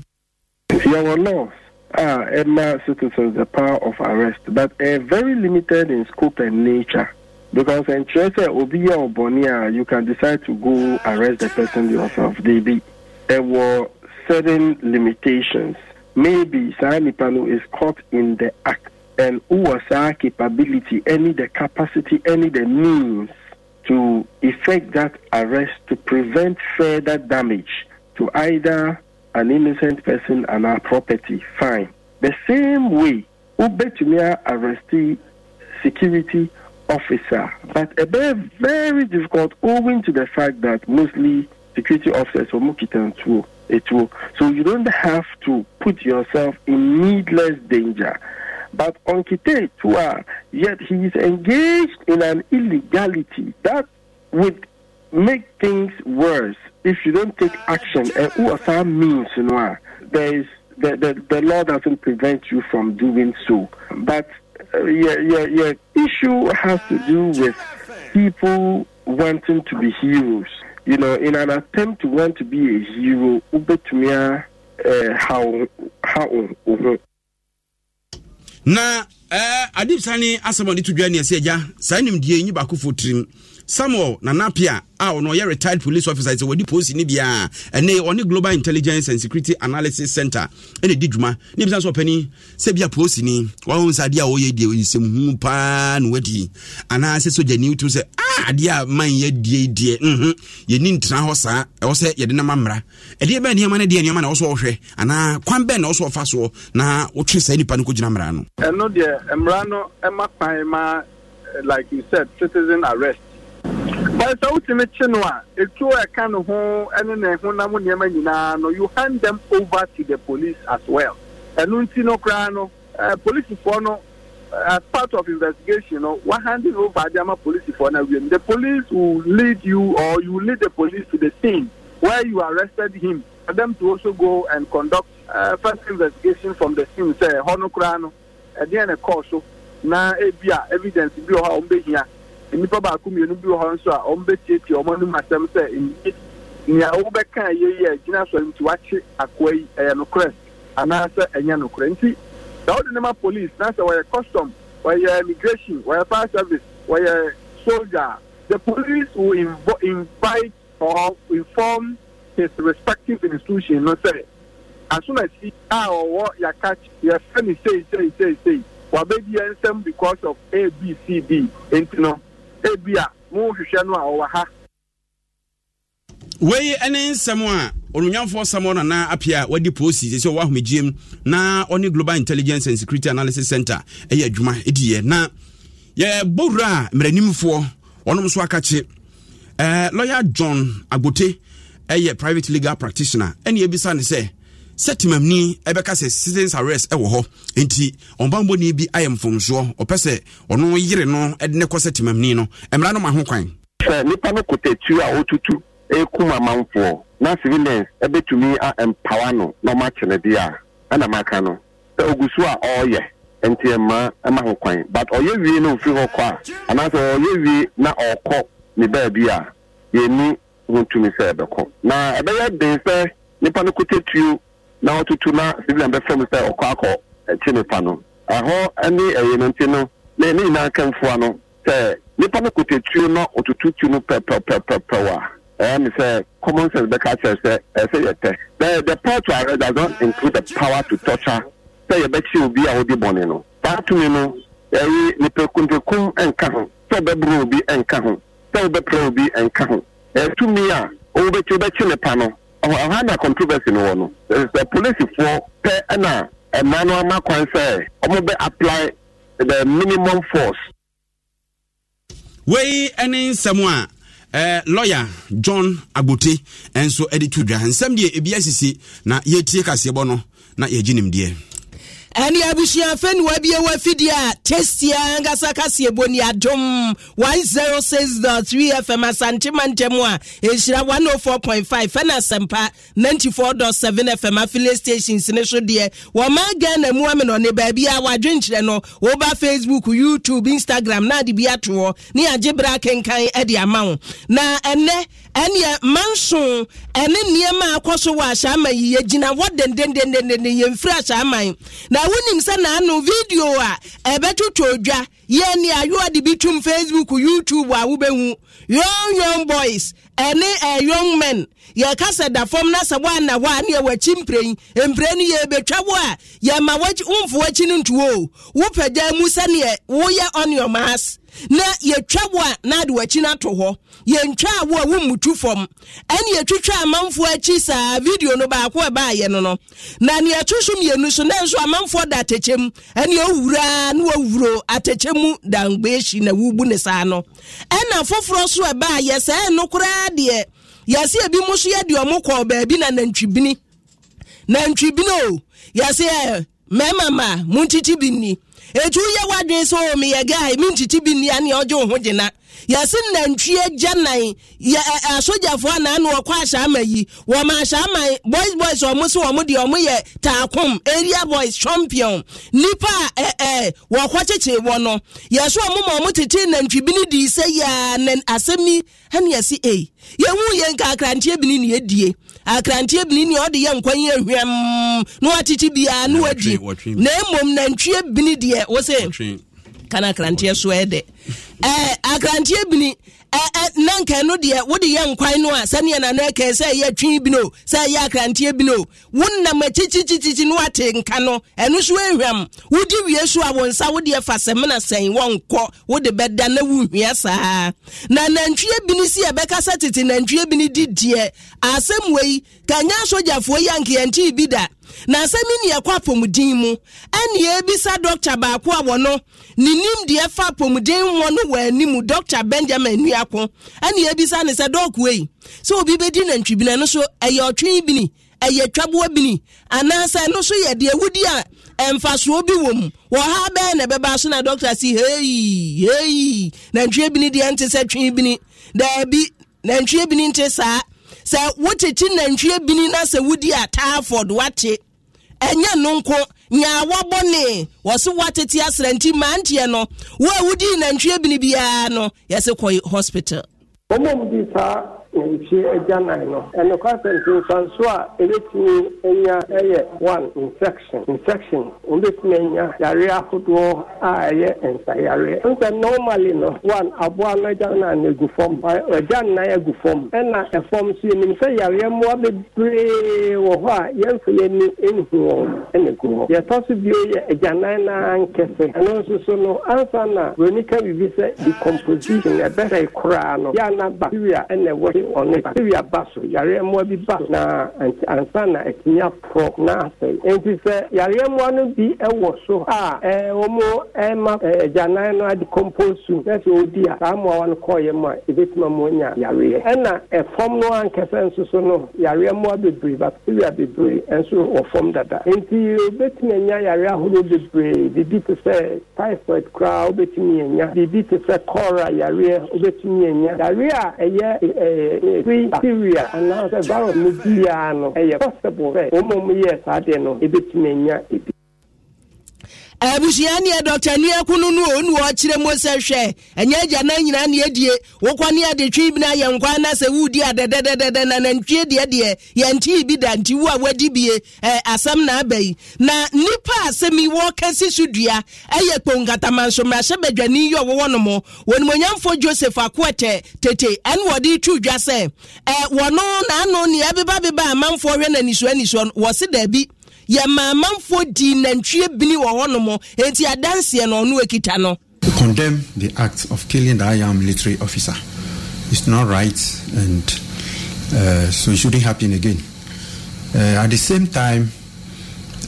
A: ah laws a
G: citizens the power of arrest but ɛyɛ very limited in scope and nature because in church obi yɛ ɔbɔne you can decide to go arrest the person yourself they be there were certain limitations maybe saa is caught in the act and has our capability any the capacity any the means to effect that arrest to prevent further damage to either an innocent person and our property fine the same way wobɛtumi arrest security officer, but a very, very difficult owing to the fact that mostly security officers were too, So you don't have to put yourself in needless danger. But on Kite Tua, yet he is engaged in an illegality that would make things worse if you don't take action. And Uasa means, you know, there is, the, the, the law doesn't prevent you from doing so. But your, your, your issue has to do with people wanting to be heroes. You know, in an attempt to want to be a hero, ubetumia uh, how how uh-huh.
A: na eh, uh, asɛm Sani, to dwa ne ɛsɛ agya saa nimdeɛ nyi baakofo tirim samuel nanapia a ɔno ɔyɛ retired police officer sɛ wɔde posi no biaa ɛne ɔne global intelligence and security analysis center ɛne di dwuma ne bisa sɛ ɔpani sɛ bia posi ni wahu sɛ adeɛ a wɔyɛ deɛ ɔyisɛmhu paa na wadi anaasɛ sogyani wotum sɛ a ah, adeɛ a man yɛdie deɛ mhm yɛni ntena hɔ saa ɛwɔ sɛ yɛde nama mmara ɛdeɛ bɛɛ nneɛma no deɛ nneɛma na ɔsɔ ɔhwɛ anaa kwan bɛɛ na ɔsɔ ɔfa soɔ na wotwe saa nnipa no kɔgyina mmara no
H: ɛno deɛ mmara no ɛma kwan ma like you said citizen arrest But so to mention you know, one, if you can home and then who namu nyama no you hand them over to the police as well. And unti no krano uh, police for no uh, as part of investigation you know, one handing over the police for now the police will lead you or you lead the police to the scene where you arrested him for them to also go and conduct uh, first investigation from the scene say hono krano and then a course so na ebia evidence bi o ha o mbehia nnipa baako mmienu bi wɔ hɔ nso a wɔn bɛtietie wɔn anim asɛm sɛ nye nea wɔbɛka yie yɛ gyina sɔrɔ nti wakye akoa yi ɛyɛ nokorɛ anaasɛ ɛnyɛ nokorɛ nti sɛ wɔde police na sɛ wɔyɛ custom wɔyɛ immigration wɔyɛ fire service wɔyɛ soldier the police will invo invite or inform his respective institution no sɛ asomasi a ɔwɔ yaka yɛfɛ ne sei sei sei sei wabɛdi yɛn nsɛm because of a b c d nti no ebi a mohwehwɛ no a ɔwɔ ha
A: wei ne nsɛm a onunyanfoɔ sam nana apia wadi posi sɛ sɛ ɔwɔ ahomegyem na ɔne global intelligence and security analysis center ɛyɛ adwuma ɛdiɛ na yɛbɔ wura a mmaranimfoɔ ɔnom nso aka kye eh, lawyer john agote ɛyɛ private legal practitioner ɛne ɛbisa ne sɛ sɛtimamni ɛbɛka sɛ citizens arrest ɛwɔ hɔ nti ɔnbanbɔni bi ayɛ mfomsoɔ ɔpɛ sɛ ɔno yere no ɛde ne kɔ sɛtimamni no mmara no
I: ma ho kwan sɛ nnipa no kotatuo a ɔtutu ɛkum amanfoɔ na civilians ɛbɛtumi ampawa no na ɔmakyene deɛ a ɛna maka no sɛ ɔgu so a ɔreyɛ nti ɛma ɛma ho kwan but ɔyɛ wie na ofiri hɔ kɔ a anaasɛ ɔyɛ wie na ɔkɔ ne baabi a yɛni ho tumi sɛ ɛbɛkɔ na ɛbɛyɛ den sɛ nipa no kotatuo na ɔtutu na civilian bɛfrɛ mu sɛ ɔkɔ akɔ akyi nipa no ɛhɔ ne ɛyɛ no nti no ne ne nyinaa kɛmfoa no sɛ nipa no kotetuo na ɔtutu tu no pɛpɛpɛpɛpɛw a ɛyɛ ne sɛ common sense bɛka kyerɛ sɛ ɛsɛ yɛ pɛ the the power to arrest does not include the power to torture sɛ yɛbɛkye obi a ɔde bɔne no saa tumi no ɛyi nipakuntikun nka ho sɛ ɔbɛboro obi nka ho sɛ ɔbɛpra obi nka ho ɛtumi a ɔwɔ bɛkye ɔbɛkye nipa no ɔha na controversy no wɔ no sɛ polisifoɔ pɛ ɛna mmaa no ama kwan sɛ ɔmobɛ apply the minimum force wei
A: ne nsɛm a Uh, lawyer john agbote nso de to dwa nsɛm deɛ ebi asisi na yɛtie kaseɛbɔ no na yɛgye nimdeɛ ɛne wa
B: ne wabiɛwɔ afidie a testia ankasa kaseɛ bɔ ni adom 106.3 fm one ntɛm oh four point five ɛna asɛmpa 94.7 fm afile stations ne so deɛ wɔma ghana mu amenɔ ne baabi a wɔadwenkyerɛ no woba facebook youtube instagram na ade bi atoɔ ne agye berɛ akenkan de ama wo na ɛnɛ ɛneɛ manso ɛne nneɛma akɔ so wɔ ahyɛama yi yɛgyina hɔ dendendendenden yɛmfiri ahyɛama na wonim sɛ naano video a ɛbɛtwotwo dwa ni ayoa de bi tum facebook youtube a hu young young boys ɛne uh, young men yɛka sɛ da fam na sɛ woana hɔ a ne yi mprɛn yi yɛ yɛbɛtwa wo a yɛma nfu wakyi no ntuo o wopɛgya mu sɛneɛ woyɛ on your mask na yɛtwa wo a na ade wakyi no ato hɔ yɛntwa awo a wommutu fam ɛne yɛtwitwa amanfoɔ akyi saa video no baako a no no na ne yɛto so mmienu so nanso amanfoɔ da atɛkyɛ mu ɛne ɔwuraa ne wɔwuro atɛkyɛ mu dangbeehyi na wubu ne saa no ɛna foforɔ so a baayɛ saa ɛno koraa deɛ yɛse ebi mo so yɛde ɔmo kɔɔ baabi na nantwibini nantwibini o yɛse ɛ mmarima ma mo ntiti bi ni etu ye wadwe so wɔ me yɛ gaa mi nkyikyi bi nnua ne ɔgye wo ho gyina yɛse nantwie gya nan yɛ e, e, asogyafoɔ anaa ne wɔkɔ ahyɛ ama yi wɔma ahyɛ ama boys boys ɔmo so ɔmo deɛ ɔmo yɛ taakom area boys champion nipa a ɛɛ e, wɔkɔ kyekyere wɔ no yɛso ɔmo ma ɔmo tete nantwi bi ni di sɛ yɛa asɛm yi ɛne yɛse ei yɛhu yɛn kakranteɛ bi ne ne yɛdie akranteɛ bini nea ɔde yɛ nkwan yɛ hwɛm na wakyekye biara na wadi na mmom nantwie bini deɛ wo se kana akranteɛ so ɛdɛ akranteɛ bini nanka no deɛ wode yɛ nkwan no a sɛneɛ nana ɛkɛ sɛ ɛyɛ twi bi no sɛ ɛyɛ akranteɛ bi no wonam akyikyikyikyi no ate nka no ɛno so ɛhwam wode wie so a wo nsa wodeɛ fa sɛmena sɛn wɔnkɔ wode bɛda na wohia saa na nantwie bi no si ɛbɛka sɛ tete nantwie bi no di deɛ asɛm wei kanya sogyafoɔ yi ankeɛntee bi da na asɛm yi ne yɛkɔ apɔmuden mu ɛne yɛbisa dɔkta baako a wɔno ne nim deɛ fa apɔmuden wɔ no wɔ anim dɔkta benjamin nuako ɛne yɛbisa ne sɛ dɔɔko yi sɛ obi bɛdi nantwibina no so ɛyɛ ɔtwe bini ɛyɛ twaboa bini anaasɛ no so yɛ deɛ wudi a mfasoɔ bi wɔ mu wɔ ha bɛɛ na ɛbɛba so na dɔkta si hei hei nantwie bini deɛ nte sɛ twee bini daabi nantwie bini nte saa sɛ wokyekyi nantwie bini na sɛ wodi a taaford wakye ɛnyɛ no nko nyaa wɔbɔ ne wɔso woatete asrɛ nti manteɛ no wo a wodii nantwie bini biara no yɛse kɔ
J: hospital nfie agya nan no ɛnokwa nsɛntinsanso a ɛbɛtumi anya ɛyɛ one infection infection wobɛtumi anya yare ahodoɔ a ɛyɛ nsayareɛ nsɛ normally no one aboa no agya nan agu fam agya nnan agu fam ɛna ɛfam so yɛnim sɛ yareɛ mmoa bebree wɔ hɔ a yɛmfa yɛni nhu wɔn ɛna gu hɔ yɛtɔ so bio yɛ agyanan naa nkɛse ɛno nso so no ansa na bronika biribi sɛ decomposition ɛbɛsɛe koraa no yɛ ana bacteria ɛna ɛwɔ ɔne bacteria ba so yare mmoa bi ba na ansa na atumi aporɔ na asɛe enti sɛ yare mmoa no bi wɔ so a wɔn ma agyanan no ade compost su na sɛ ɔdi a saa mmoawa no kɔɔyɛ mu a ɛbɛtumi ama nya yareɛ ɛna ɛfam no ankasa nso so no yareɛ mmoa bebree bacteria bebree nso wɔ fam dada enti obɛtumi anya yare ahorow bebree bibi te sɛ typhoid koraa obɛtumi anya biribi te sɛ kɔɔra yareɛ obɛtumi anya yareɛ a ɛyɛ ebi bacteria anaa sɛ virus no bi yaa no ɛyɛ possible sɛ wɔn a wɔyɛ saa deɛ no ebetumi anya ebi
B: abusua ne dɔtani akunu no ɔnu ɔkyerɛ mu sɛ hwɛ ɛnyɛ agya na nyinaa ne adie wokɔ ne ade twi bi no ayɛ nkwa na sɛ wodi adɛdɛdɛdɛdɛ na nantwie deɛ deɛ yɛntii bi da nti e, wo a woadi bie asɛm na aba yi na nnipa asɛm yi wɔkɛsi so dua ɛyɛ e kponkatamanso mmarahyɛ badwani yi a no mo wɔnimonyamfoɔ joseph akoɛtɛ tete ɛne wɔde tu dwa sɛ e, wɔno naano ne ɛbebabeba amanfoɔ hwɛ no anisua anisua no wɔ se daabi yɛ maamanfoɔ dii nantwie bini wɔ hɔnom enti adanseɛ no ɔno akita no
K: condemn the act of killing the IAM military officer. It's not right, and uh, so it shouldn't happen again. Uh, at the same time,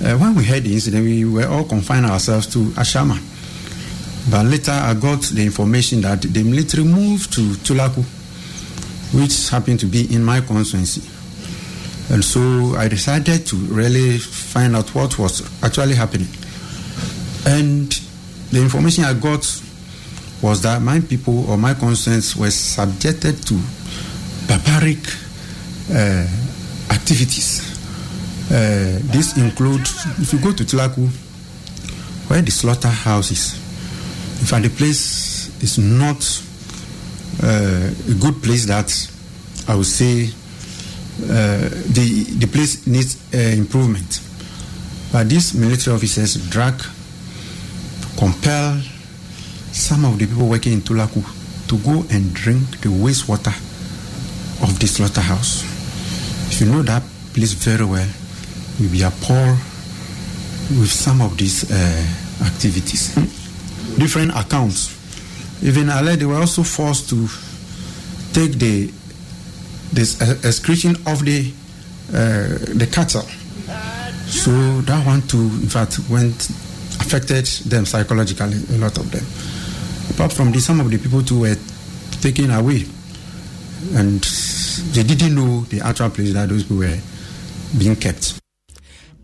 K: uh, when we heard the incident, we were all confined ourselves to Ashama. But later, I got the information that the military moved to Tulaku, which happened to be in my constituency. And so I decided to really find out what was actually happening. And the information I got was that my people or my conscience were subjected to barbaric uh, activities. Uh, this includes, if you go to Tlaku, where the slaughterhouse is, in fact, the place is not uh, a good place that I would say uh, the, the place needs uh, improvement. But these military officers drag, compel some of the people working in Tulaku to go and drink the wastewater of the slaughterhouse. If you know that place very well, you'll be appalled with some of these uh, activities. Different accounts. Even alleged they were also forced to take the This excretion of the uh, the cattle. So that one too, in fact, went affected them psychologically. A lot of them. Apart from this, some of the people too were taken away, and they didn't know the actual place that those people were being kept.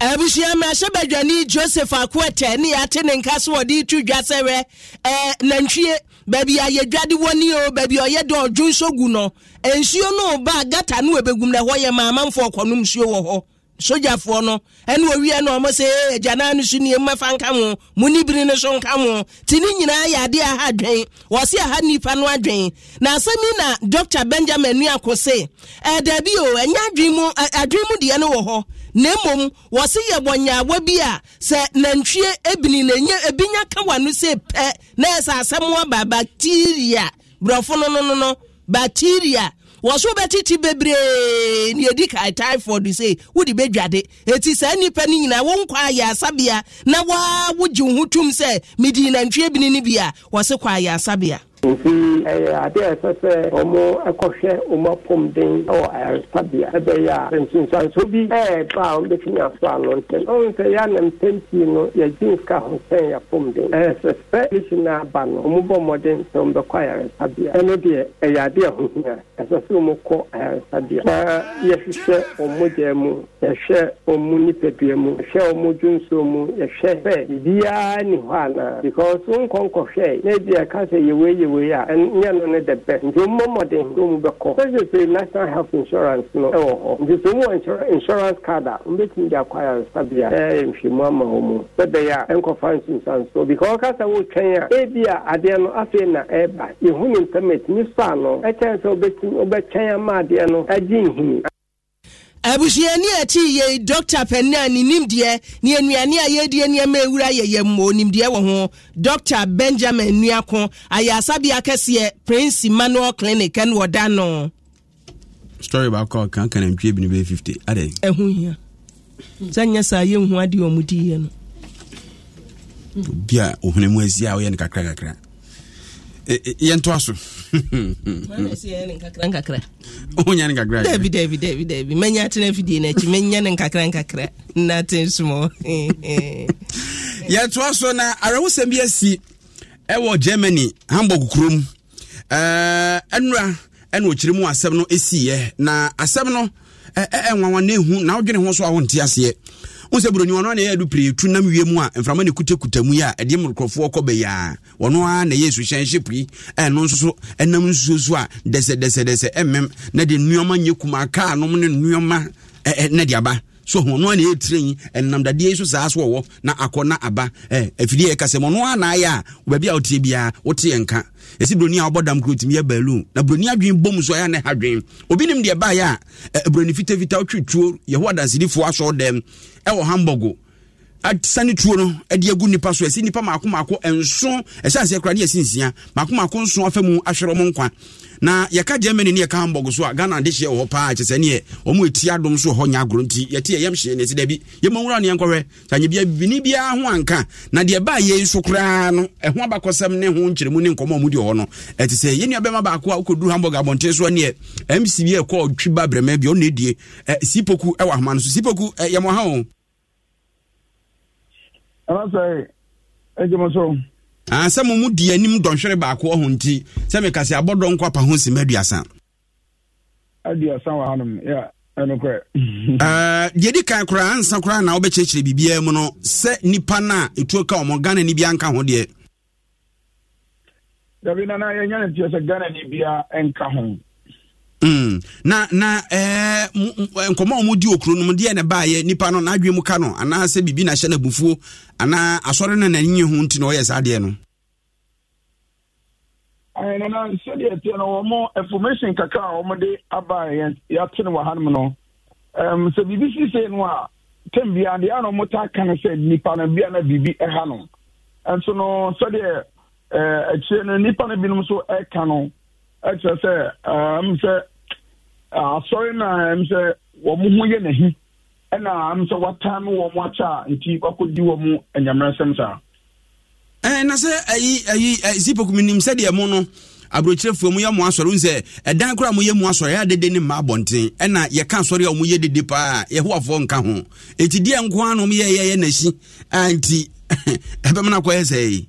B: abusua mmerɛ badwani joseph akoɛtɛ ne yɛate ne nka so wɔde to dwa sɛ wɛ eh, nantwie baabi ayɛdwade wɔ ni o baabi ɔyɛ dɛ ɔdwo nso gu no nsuo no ba gata no ɛbɛgum na ɛhɔ yɛ maamanfoɔ kɔnom nsuo wɔ hɔ sogyafoɔ no ɛne owie no ɔmo sɛ agyanaa no so nie mmafa nka mo mo ne biri no so nka mo nti ne nyinaa yɛ adeɛ aha adwen wɔse aha nnipa no adwen na asɛm yi na dr benjamin nuako se ɛdaabi o ɛnyɛ adwen mu adwen mu deɛ no wɔ hɔ na mmom wɔsi yɛ bɔnyaawa bi a sɛ nantwie ebini na enye ebinya ka wano se pɛ na ɛsɛ asɛm aba bacteria borɔfo no no no no bacteria wɔso bɛtete bebree na yɛdi kae typhoid se wode bɛdwade ɛti saa nnipa no nyinaa wo nkɔ ayɛ asabea na waa wogye wo ho tom sɛ medii nantwie bini no bi a wɔse kɔ ayɛ asabea
J: nti ɛyɛ adeɛ a ɛsɛ sɛ ɔmo ɛkɔhwɛ ɔmo apɔmden ɛwɔ ayaresabea ɛbɛyɛ a nsonsanso bi ɛɛba a ɔmo bɛtumi aso ano ntɛm ɔmo sɛ yɛ anam ntɛm pii no yɛgye nka ho sɛn yɛapɔmden ɛyɛ sɛ sɛ ɛsi na aba no ɔmo bɔ mmɔden sɛ ɔmo bɛkɔ ayaresabea ɛno deɛ ɛyɛ adeɛ a ho hia ɛsɛ sɛ ɔmo kɔ ayaresabea na yɛhwehwɛ ɔmo gya mu yɛhwɛ ɔmo nipadua mu yɛhwɛ ɔmo dwonso mu yɛhwɛ sɛ biribiara ni hɔ anaa because nkɔnkɔhwɛ na ebi ɛka sɛ yɛwɔ yɛwɔ wei a nyɛ no ne the best nti mmɔ mmɔden nti wɔn bɛkɔ sɛsese national health insurance no ɛwɔ hɔ nti sɛ wɔn insurance card a wɔn bɛtumi de akɔ ayaresabea ɛyɛ nhwɛmu ama wɔn mu sɛdeɛ a ɛnkɔfa So because ɔkasa wɔtwɛn a ebi a adeɛ no afei na ɛreba yɛhu ne ntɛm ɛtumi fa no ɛkyɛn sɛ wɔbɛtumi wɔbɛtwɛn ama adeɛ no agye nhini
B: abusuani a ɛti yɛ dɔkta panyin a nimdeɛ ne nnuane a yɛdie nneɛma ewura yɛ yɛ mmɔ nimdeɛ wɔ ho dɔkta benjamin nuako ayɛ kɛseɛ prince emmanuel clinic ɛna ɔda no.
A: story baako a kan kan ntwie bɛ fifty adɛ.
B: ɛho hia sɛ nyɛ saa yɛ nhu adeɛ ɔmo di yɛ no.
A: obi a ohun mu esi a ɔyɛ no kakra kakra. E, e, yɛntoa so wonya ne kakradabi
B: dabi dabi dabi mɛnya atena afidie no akyi mɛnya ne nkakra nkakra noten smɔ (laughs)
A: yɛntoa so na awerɛhosɛm bi esi ɛwɔ germany hamburg kurom ɛnura ɛna ɔkyerɛ mu asɛm no ɛsiiɛ na asɛm no ɛnwanwa no ɛhu na wodwene ho so a wonte aseɛ wo sɛ buroni ɔno ana ɛyɛ ado pire tu nam wie mu a mframa ne kutakuta mu yi a ɛdeɛ mu nkurɔfoɔ kɔ bɛyɛ a ɔno ara na ɛyɛ suhyɛnhyip yi ɛno nso so ɛnam nsuo a dɛsɛdɛsɛdɛsɛ ɛmmɛm na de nneɔma nyɛ kuma kaa ne nneɔma ɛɛ na de aba so ɔno ana ɛtire yi ɛnam dadeɛ yi so saa so ɔwɔ na akɔ na aba eh, afidie ɛka sɛ mɔno ana ayɛ a baabi a wotie biara wote yɛ nka ɛsi buroni a wɔbɔ dam kuro tumi yɛ baalu na buroni adwene bom so ɛyɛ ne ha dwen obi nim deɛ baayɛ a buroni fitafita wotwe tuo yɛho adansedifoɔ asɔ dɛm ɛwɔ hamburgo asane tuo no de agu nipa so ɛsɛ nipa maako maako nson ɛhyɛ aseɛ koraa ne yɛsi nsia maako nson afa mu ahwerɛ ɔmo nkwa na yɛka germany ne yɛka hamburg so a ghana de hyeɛ wɔ paa kyɛ sɛ neɛ ɔmo ɛti adom so hɔ nya agorɔ nti yɛte yɛyam hyeɛ ne ɛsɛ dabi yɛmawura ne yɛnkɔhwɛ sɛ anyɛ bia bibini biara ho anka na deɛ baa yɛi so koraa no ɛho abakɔsɛm ne ho nkyerɛmu ne nkɔmmɔ a ɔmu di hɔ no ɛte sɛ yɛnnua bɛma baako a wokɔduru hamburg abɔnten so neɛ mcb ɛkɔɔ twi ba brɛma bi ɔno ɛdie sipoku ɛwɔ ahoma no so sipoku yɛmɔ ha o ɛna sɛ ɛgyemo so sɛ mo mu di anim dɔnhwere baako ɔho nti sɛ mekase abɔdɔ nkɔ apa ho sima aduasa
L: aduasa wɔ hanom (laughs)
A: deɛ di kan koraa ansa koraa na mu no sɛ ka ɔmɔ ghana ni bia nka ho deɛ
L: dabi nana na ne tiɛ sɛ ghana ni bia
A: ho Mm. na na eh, eh, nkɔmɔ a mudi okuro no mu deɛ ne baayɛ nipa no n'adwe mu ka no anaasɛ biribi na hyɛ n'abufuo anaa asɔre no ho nti na ɔyɛ saa deɛ no
L: sɛdeɛ ɛteɛ no information kakra a aba yɛate no no sɛ biribi a tem bia deɛ a na ka no sɛ nipa no bia na biribi ɛha no nso no sɛdeɛ no ɛkyerɛ sɛ ɛm sɛ asɔre na ɛm sɛ wɔn ho yɛ n'ahi
A: ɛna ɛm sɛ wata no wɔn akyɛ a nti wakɔdi wɔn ɛnyamrɛsɛm saa. ɛn na sɛ ayi ayi zipokumi nim sɛdeɛ mu no aburokyerɛfoɔ mu yɛ mo asɔre n sɛ ɛdan koraa mo yɛ mo asɔre yɛ dede ne mmaa abɔnten ɛna yɛka asɔre a wɔn yɛ dede paa yɛhoafoɔ nka ho eti nko ano yɛ yɛ yɛ n'akyi a nti (laughs) ɛbɛn mu sɛ yi.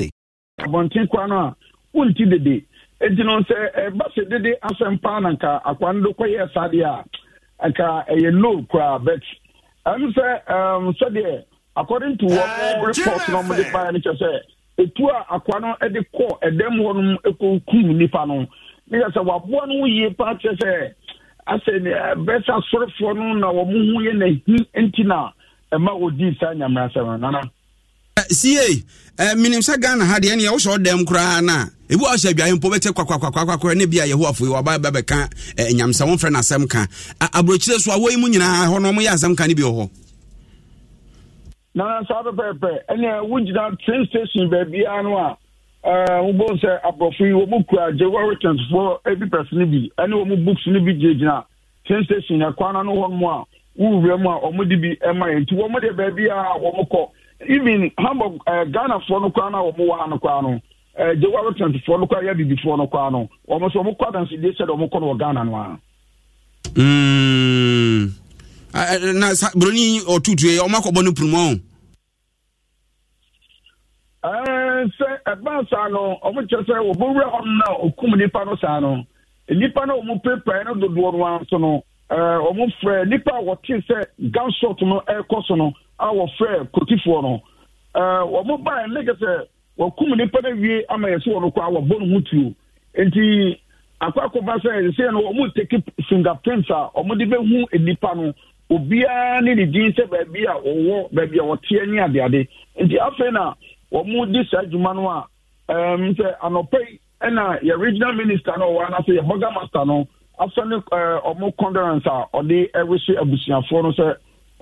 D: abɔnten kwan no a wonti
L: dede nti no sɛ ɛba eh, sɛ dede asɛm paa na nka akwa no do kɔyɛɛ sadeɛ a nka ɛyɛ low koraa but ɛno sɛ ehm, sɛdeɛ according to wɔn eh, report na wɔde paa no kyerɛ sɛ etu a akwa no de kɔ ɛdɛm hɔ nom kɔkum nipa no ne sɛ waboa no yie paa kyerɛ sɛ asɛ eh, bɛsa asɔrefoɔ no na wɔn ho yɛ na nti ntina ɛma odii saa nyamerasɛm no nana
A: ca eh, eh, eh, menim sɛ ghana ha deɛ neɛ wohyɛ wodɛm koraa no a ebi a wohyɛ mpo bɛte kwakwakwakwakwakwakwa ne bia yehowafoɔ yi waba bɛbɛka nyamsa wo no asɛm ka so a wɔyi mu nyinaa hɔ no ɔmo asɛm ka bi wɔ hɔ
L: na saa pɛpɛɛpɛ ɛnea wogyina train station a wobɛhu sɛ aborɔfo yi wɔmu kura bi pɛse no bi ɛne wɔmu books no bi gyinagyina train station no hɔ no mu a wowura even hamburg uh, ghanafoɔ no koraa no a wɔmowɔ ha no koraa no gyeware tentfoɔ no koraa yɛ abibifoɔ no koraa no wɔmo sɛ ɔmokɔ adansedie sɛdeɛ ɔmokɔ no wɔ ghana no a
A: na buroni ma ɔma kɔbɔ no purumɔ
L: o sɛ ɛbaa saa no ɔmokyerɛ sɛ wɔbɛwura wura no na ɔkum nipa no saa no nnipa no ɔmo pepae no dodoɔ no a no ɔmo eh, fere nipa a sị gansọt gansɔt no ɛrekɔ so no a wɔfrɛ kotifoɔ no ɔmo eh, baa ɛnlege sɛ wɔkum nipa no wie ama yɛsɛ wɔ no kɔ a wɔbɔ no ho tuo nti akɔakɔba sɛ ɛsɛ no ɔmo teki fingerprint a ɔmo de bɛhu nipa no obiara ne ne din sɛ baabi a ɔwɔ beebi a wɔteɛ adị adeade nti afei na wɔn di saa adwuma no a ɛm sɛ anɔpɛ yi ɛna yɛ regional minister na ɔwɔ anaso yɛ burger master no. asɔne ɔmo uh, condolence a uh, ɔde ɛwehye abusuafoɔ no sɛ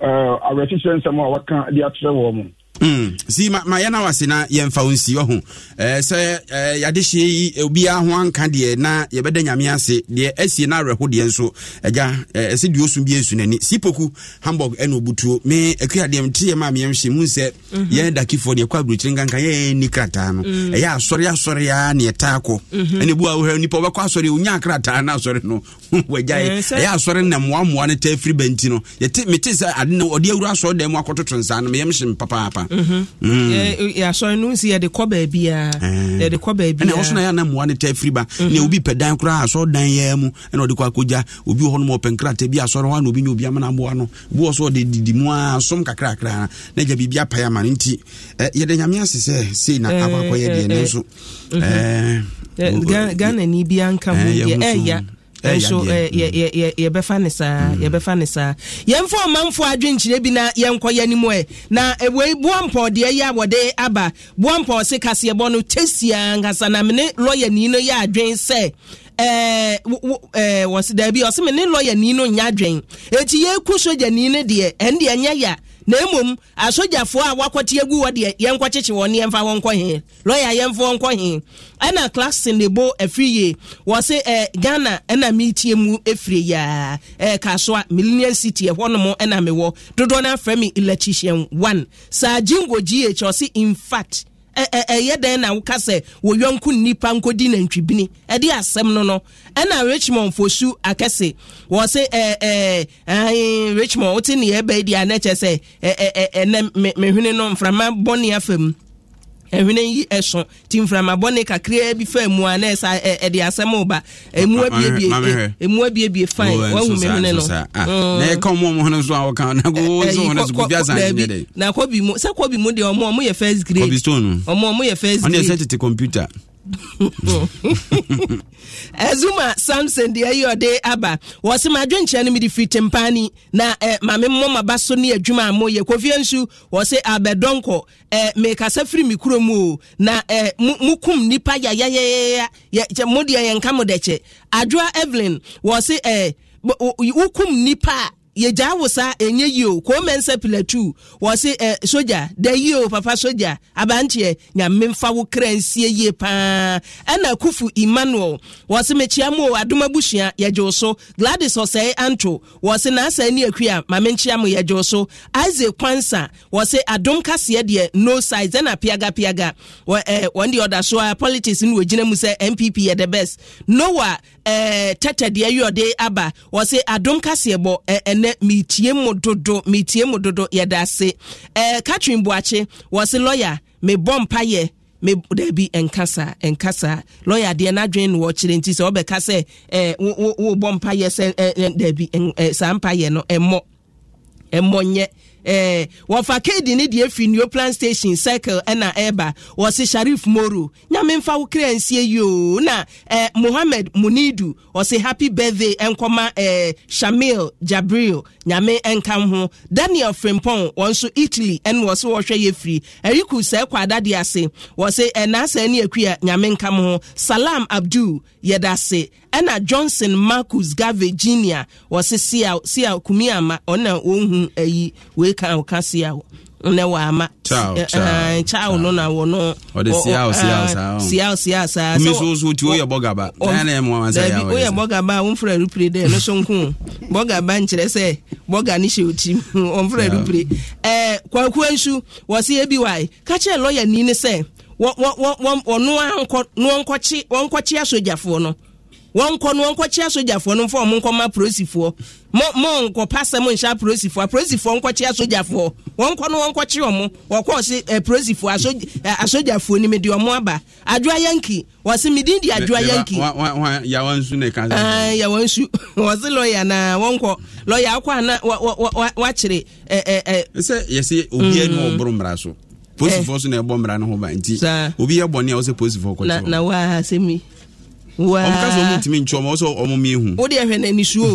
L: awerɛkyekyerɛ nsɛm a wɔka de akyerɛ wɔn mo
A: si ma mhm. yɛ mm. eh, mhm. na wase na yɛmfa wo nsi ɔho sɛ yɛade hyeɛ yi obiaa ho anka deɛ na yɛbɛda nyame ase deɛ asie no awerɛho deɛ nso agya ɛsɛ deɛ ɔsum bi ɛsu n'ani sipoku hamburg ɛna ɔbutuo me akuadeɛ mteɛ ma meɛmhye mu sɛ yɛn dakifoɔ ne ɛkɔ aburokyire nkanka yɛni krataa no ɛyɛ asɔre asɔre a ne ɛtaa kɔ ɛne bu a wohɛ nnipa wobɛkɔ asɔre ɔnya krataa no asɔre no wagyae ɛyɛ asɔre na mmoammoa no taa firi banti no mete sɛ ade no ɔde awura asɔre da mu akɔtoto nsaa no meyɛmhye mpapaapa
B: Mm-hmm. Eh, eh, asɔre no nsi yɛde kɔ baabiaa eh. yɛde kɔ baabiɛna ɛwɔ so na
A: yɛ na mmoa no ta afiri ba mm-hmm. nea obi pɛ dan koraa asɔre dan yɛa mu ɛna ɔde kɔ akɔgya obi wɔ hɔ nom ɔpɛ nkrataa bi asɔre hɔ a na obi nya obi ama no aboa no obi wɔ so ɔde didi mu a som kakrakra na agya biribi apae ama no nti yɛde nyame ase sɛ sei na abakɔyɛ deɛ ne nso
B: ghana ni bi anka ho deɛ ɛɛya Eh, nso eh, mm. yɛbɛfa ne saa mm. yɛbɛfa ne saa yɛmfa ɔmanfoɔ adwenkyerɛ bi na yɛnkɔ yɛ nimu ɛ na eh, wei boampɔ deɛ yɛ a wɔde aba boampɔ se kaseɛbɔ no kyɛsiaa nkasa na mene lɔyani no yɛ adwen sɛ wɔse daabi ɔse mene lɔyani no nyɛ adwen ɛti yɛku sogyani no deɛ ɛndeɛ nyɛ yɛ a na mmom asogyafoɔ a wakɔte agu wɔ deɛ yɛnkɔkyekye wɔn ne yɛmfa wɔn nkɔ he lɔya yɛmfa wɔn nkɔ he ɛna class nebo afiri yie wɔ se ɛɛ ghana ɛna meetie mu efiri yaa ɛɛ kasoa millennium city ɛhɔnom ɛna mewɔ dodoɔ no afrɛ me electrician one saa jingo gh ɔse in fact ɛyɛ dɛn na woka sɛ wɔyɔnko nnipa nkɔdi nantwibini ɛde asɛm no no ɛna richmond fosu akɛse wɔ sɛ richmond wote ne yɛbɛi di a na kyɛ sɛ ɛnɛ mehwene no mframa bɔne afa mu ɛhwene yi ɛso nti mframabɔne kakraa bi fa mu a na ɛsa ɛde asɛm ba ɛmua biebie ɛmua biebie fine wahu me hwene no na
A: ɛka ɔmo ɔmo hwene so a wɔka na go so hwene so bi asa hwene dɛ
B: na kɔbi mu sɛ kɔbi mu deɛ ɔmo ɔmo yɛ first grade kɔbi stone ɔmo ɔmo yɛ first grade ɔne ɛsɛ tete computer (laughs) azuma samson deɛ ɛyɛ ɔde aba wɔse ma adwenkyerɛ no mede firi tempani na eh, mame mmɔ maba so ne adwuma a moyɛ kofie nsu wɔse abɛdɔnkɔ eh, mekasa firi me kuro mu o na eh, mokum nnipa yayayayaya modeɛ yɛnka mo dɛkyɛ adwoa evelyn wɔse eh, wokum nnipa a yɛgyaa wo saa ɛnyɛ yio kɔɔma nsa pilatu wɔ se ɛ sogya da yio papa sogya abanteɛ nyame mfa wo kra nsie yie paa ɛna kufu emmanuel wɔ se mekyia mu o adom abusua yɛgye wo so gladys ɔsɛe anto wɔ se naasa ne akui a mame nkyia mu yɛgye wo so isaac kwansa wɔ se adom kaseɛ deɛ no size ɛna piagapiaga wɔn deɛ ɔda so a politics no wɔgyina mu sɛ npp yɛ the best noah ɛɛ eh, deɛ yɛ ɔde aba wɔ se adom kaseɛ bɔ ɛnɛ nnɛ metie mu dodo metie mu dodo yɛda ase ɛɛ katrin buakye wɔsi lɔya mebɔ mpayɛ me dabi nkasa nkasa lɔya deɛ n'adwene no wɔkyerɛ nti sɛ ɔbɛka sɛ ɛɛ wo wo bɔ mpayɛ sɛ ɛɛ dabi ɛɛ saa mpayɛ no ɛmmɔ ɛmmɔ nyɛ eh, wɔfa kedi ne deɛ firi neoplan station circle ɛna ɛreba wɔse sharif moro nyame mfa wo kra nsie yi o na eh, mohammed munidu ɔse happy birthday ɛnkɔma eh, shamil jabril nyame ɛnka ho daniel Frimpong wɔn italy ɛne wɔse wɔhwɛ yɛ firi ɛriku sɛ ɛkɔ adade ase wɔse ɛnaasa eh, ne akua nyame nka ho salam abdul yɛda ase ɛna johnson marcus gave jr wɔse siaw kumi ama ɔna wɔnhu ayi wei ka ɔka siaw ne waama chaw no na wɔno siaw siaw saawoyɛ bɔgaba womfrɛ arupire dɛ no so nko bɔgaba nkyerɛ sɛ bɔga ne hyɛ otim ɔmfrɛ arupire kwakoa nsu wɔse ɛbi wae ka kyerɛ lɔyani ne sɛ wɔno ankɔkye asogyafoɔ no wọn nkɔ no wọn nkɔ kyia sogyafoɔ no nfa wɔn nkɔ ma polosifoɔ mo mo nkɔpa sɛm nhyɛ polosifoɔ polosifoɔ nkɔ kyia sogyafoɔ wɔn nkɔ no wɔn nkɔ kyi wɔn wɔkɔ ɔsi ɛ asogyafoɔ nim de wɔn aba adwa yanki wɔsi midin di adua yanki. wa
A: wa wa yawa nsu na ika. ɛɛ
B: ah, yawa nsu (laughs) wɔsi lɔya na wɔn nkɔ lɔya akɔ ana wa wa wa wakyere ɛ eh, ɛ eh, eh. ɛ. sɛ
A: yɛsi obiara ni wɔn mm. boro mmara so polisifoɔ so na ɛbɔ mmara no ho ba nti obi yɛ bɔ ɔmka sɛ ɔmu ntumi nkyɛ ɔma sɛ ɔmo mie hu
B: wode hwɛ n'anisuo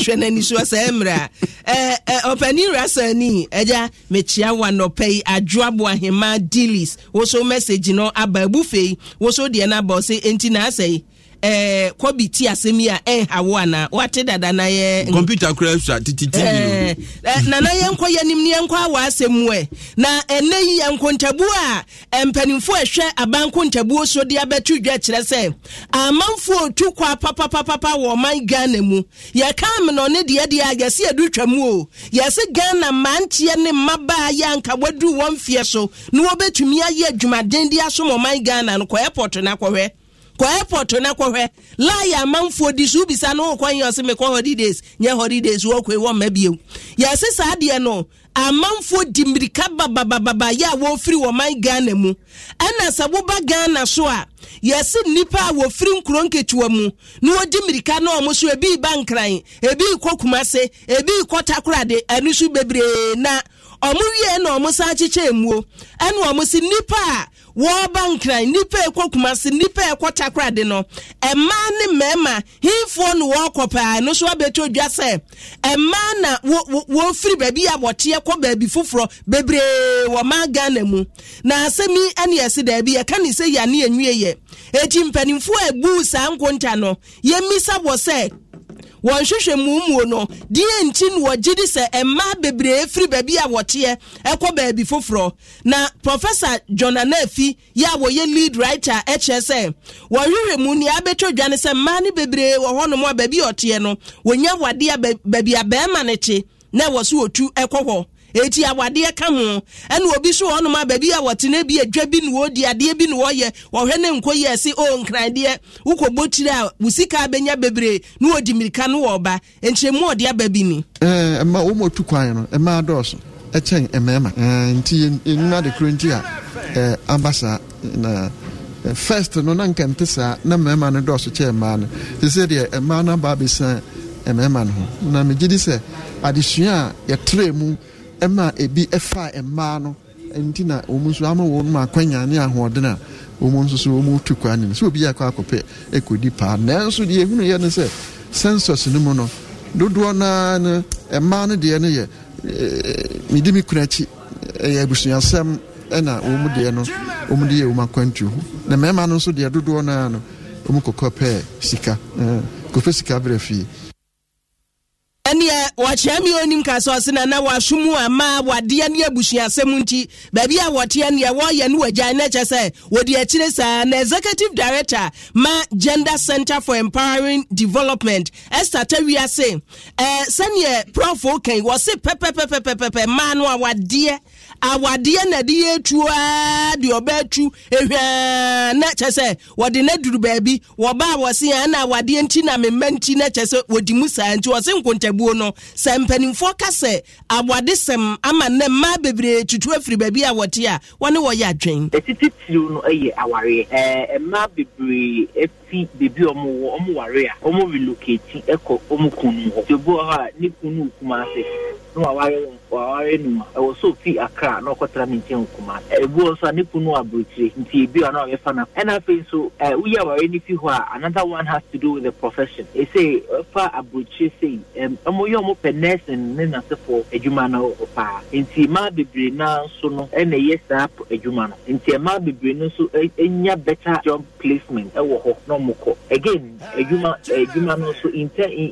B: hwɛ n'anisuo sɛ mmerɛ a ɔpani rasa ni agya mekyia wa nɔpɛ yi adwoabo ahema dilis wo so message no aba abu fei wo so deɛ no aba ɔ sɛ enti eh, kɔbi ti asɛm yi a ɛnha eh, wo anaa wate dada na yɛ kɔmputa
A: kora titi ti eh, eh,
B: eh, nana yɛnkɔ yɛnim ne yɛnkɔ awa asɛm mu ɛ na ɛnɛ yi yɛnko ntabuo a eh, mpanimfoɔ ɛhwɛ abanko ntabuo so de abɛto dwa kyerɛ sɛ amanfoɔ otu kwa papapapapa wɔ ɔman ghana mu yɛka amenɔne deɛdeɛ a yɛse yɛdu twa mu o yɛse ghana mmanteɛ ne mmabaa yɛ anka waduru wɔn fie so na wɔbɛtumi ayɛ adwumaden de asom ɔman ghana no kɔ airport no akɔhwɛ kɔ airport na kɔhwɛ lai amanfoɔ di so wobisa no wokwan yɛ ɔse mekɔ holidays nyɛ holidays wɔkɔi wɔ mma bio yɛse saa deɛ no amanfoɔ di mmirika bababababa yɛ a wɔfiri wɔ man ghana mu ɛna sɛ woba ghana so a yɛse nnipa a wɔfiri nkuro nketewa mu na wɔdi mmirika na ɔmo so ebi ba nkran ebi kɔ kumase ebi kɔ takorade ɛno so bebree na ɔmo wie na ɔmo san akyekyɛ emuo ɛna ɔmo si nipa a wɔɔba nkran nnipa ɛkɔ kumase nnipa ɛkɔ takoradi no mmaa ne mmarima hinfoɔ no wɔɔkɔ paa ɛno nso abɛtwa odwa sɛ mmaa na wɔfiri baabi a wɔteɛ kɔ baabi foforɔ bebree wɔ maa ghana mu na asɛm yi ɛne ɛsi daabi yɛka ne sɛ yɛ ane yɛnwie yɛ eti mpanimfoɔ ebu saa nkonta no yɛmisa wɔ sɛ wɔn hwehwɛ muumuo no deɛ nti na wɔgye di sɛ mmaa bebree firi baabi a wɔteɛ ɛkɔ baabi foforɔ na professor john anafi yɛ a wɔyɛ lead writer ɛkyerɛ sɛ wɔn hwehwɛ mu nea abɛtwa dwa ne sɛ mmaa no bebree wɔ hɔnom a baabi a ɔteɛ no wɔnya wadeɛ baabi a bɛrima no te na ɛwɔ so wɔtu ɛkɔ hɔ eti awadeɛ ka ho ɛna obi so hɔnom a baabi a wɔtena bi adwa bi na wɔdi adeɛ bi na wɔyɛ wɔhwɛ ne nkɔ yɛ se o oh, nkrandeɛ wokɔbɔ kyire a wo sika bebree na wɔdi mirika no wɔba nkyɛnmu ɔde aba bi ni.
K: ɛɛ ụmụ wɔn kwan no mmaa dɔɔso ɛkyɛn mmarima nti de kuro nti a aba na first na nkente saa na mmarima no dɔɔso kyɛ mmaa no sɛ deɛ mmaa no aba mmarima no na megye ɛma ebi ɛfa mmaa no nti na wɔn nso ama wɔn mu akwanya ne ahoɔden a wɔn nso so wɔn tu kwa nim sɛ obi akɔ akɔpɛ paa nanso deɛ ehunu yɛ no sɛ sensors no mu no dodoɔ naa mmaa no deɛ no yɛ ɛɛ midi mi akyi ɛyɛ abusuasɛm ɛna wɔn deɛ na mmarima no nso naa no wɔn kɔkɔ sika ɛɛ sika
B: ɛneɛ wɔkyea me ɔnim ka sɛ ɔse na na ama wadeɛ ne abusuasɛm nti baabi a wɔteɛ neɛ wɔyɛ ne wagyae no kyɛ sɛ wɔde akyire saa na executive director ma gender center for empowering development ɛsta tawiase eh, sɛneɛ prɔfo kan wɔse pɛpɛpɛpɛpɛpɛ maa no a wadeɛ awadeɛ na ɛde yɛ etu aa deɛ ɔbɛtu ehwɛɛ na kyɛ sɛ wɔde ne duru baabi wɔba a wɔsi yɛn na awadeɛ nti na mɛmɛ nti na kyɛ sɛ wɔdi mu saa nti wɔsi nkontabuo no sɛ mpanimfoɔ kasɛ awade sɛm ama ne mmaa bebree tutu efiri baabi a wɔte a wɔne wɔyɛ adwene.
C: etiti tiri no yɛ awareɛ ɛɛ mmaa bebree efi
B: beebi a wɔn wɔ wɔn ware a wɔn relocate wɔn kunu hɔ. beebi wɔ hɔ a ne kunu
C: kumase. ase na wɔn waware numa ɛwɔ e sɛ ofi akra na ɔkɔtara ne nkyɛn nkuma ɛbuo e nso a ne kunu aburokyire nti ebi a na ɔyɛfa no ɛna e afei nso woyi aware no fi hɔ
B: a another one has to do with the profession ɛsei ɛfa aburokyire sei ɔmoyɛ ɔmo pɛ
G: nursing ne nasefoɔ adwuma no paa nti mmaa bebree naa nso no ɛna ɛyɛ saa
C: adwuma no nti mmaa bebree no nso ɛnya better job placement ɛwɔ hɔ na ɔmo kɔ again adwuma adwuma no nso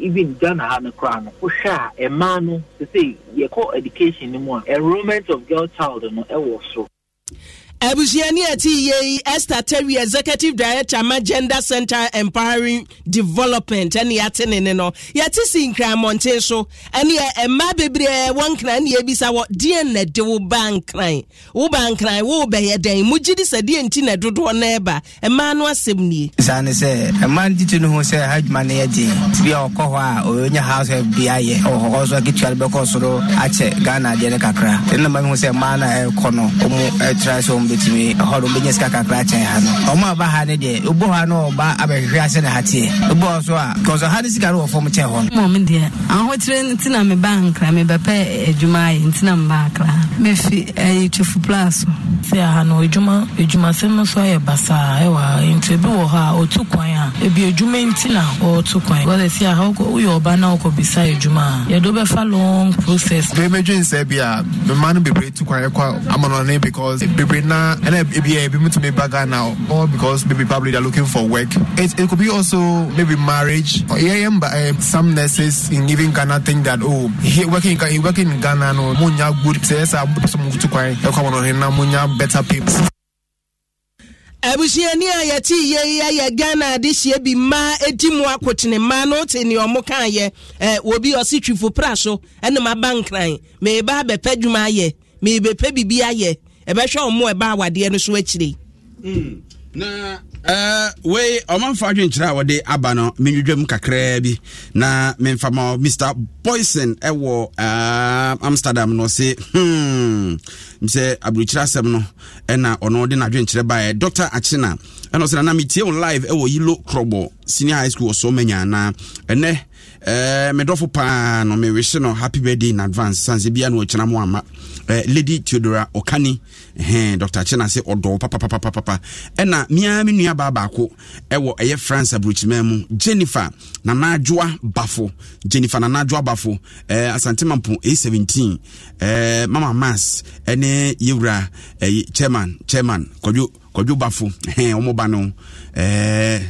C: even ghana ha no koraa no wohwɛ a mmaa no sɛsei yɛkɔ education no mu enrollment of girl child no ɛwɔ soro
B: abusuani ɛti yei yi esther terry executive director ma gender center empowering development ɛne yɛate ne ne no yɛte si nkranmɔnten so ɛne yɛ mmaa bebree wɔn nkran ne yɛbisa wɔ deɛ na de wo ba nkran wo ba nkran wo bɛyɛ dɛn mo gyi di sɛ deɛ nti na dodoɔ na ɛba mmaa no asɛm nie. saa ne sɛ mmaa no titi no ho sɛ ha adwuma yɛ den tibi a ɔkɔ hɔ a ɔyɛ house help bi ayɛ ɔwɔ hɔ so aketua no bɛkɔ soro akyɛ ghana adeɛ no kakra ɛnna mmaa mi ho sɛ mmaa no a ɛrekɔ no wɔn ɛtra sɛ wɔn wobɛtumi ɛhɔ no wobɛnya sika kakra kyɛn ha no ɔmo aba ha ne deɛ wobɔ ha no ɔba abɛhwehwɛ ase ne hateɛ wobɔ so a kɔsɔ ha ne sika no wɔfam kyɛn hɔ no
C: mɔm deɛ ahotire nti na meba nkra mebɛpɛ adwuma ayɛ nti meba nkra mɛfi ɛyɛ twefo pla so
B: sɛ ha no adwuma adwumasɛm no so ayɛ basaa ɛwɔ nti ebi wɔ hɔ a ɔtu kwan a ebi adwuma nti na ɔɔto kwan wɔde si a woyɛ ɔba na wokɔbisa adwuma a yɛde
A: wobɛfa long process bɛmɛdwe nsɛ bi a mema no bebree tu kwan ɛkɔ amanɔne because bebree na Ghana and maybe uh, able to make back Ghana or because maybe probably they're looking for work. It, it could be also maybe marriage. Or yeah, but um, some nurses in even Ghana think that oh he working he working in Ghana no munya good says I move to kwai come on him munya
L: better people.
B: abusuani a yɛte yie yi ayɛ ghana adehyeɛ bi mmaa edi mu akotene mmaa no te nea ɔmo kan yɛ ɛɛ eh, obi ɔsi twifo pra so ɛna ma ba nkran mɛ eba abɛpɛ dwuma ayɛ mɛ ebɛpɛ bibi ayɛ ɛbɛhwɛ ɔmo ɛba awadeɛ no so akyire.
A: Hmm. na ɛɛ eh, wei ɔmanfa adwenkyerɛ a wɔde aba no menwedwam kakraa bi na memfa mr boyson ɛwɔ ɛɛ eh, amsterdam no ɔse hmm sɛ aburukyerɛ asɛm no ɛna ɔno de n'adwenkyerɛ baeɛ dr akyena ɛna ɔsɛ na na live ɛwɔ senior high school ɔsɔ eh, medɔfo paa no mewehye no happy birthday in advance sane sɛ bia na ɔkyena mo ama eh, lady theodora ɔkani eh, dr kyena sɛ ɔdɔw papapapapapa ɛna meaa me nua baa baako ɛwɔ ɛyɛ france aburokyirima mu jennifer nanadwoa bafo jennifer nanadwoa bafo eh, asantemampo a17 eh, mama mas ɛne eh, yɛwura eh, chairman chairman kɔdwo kwadwo bafo ɔmo ba no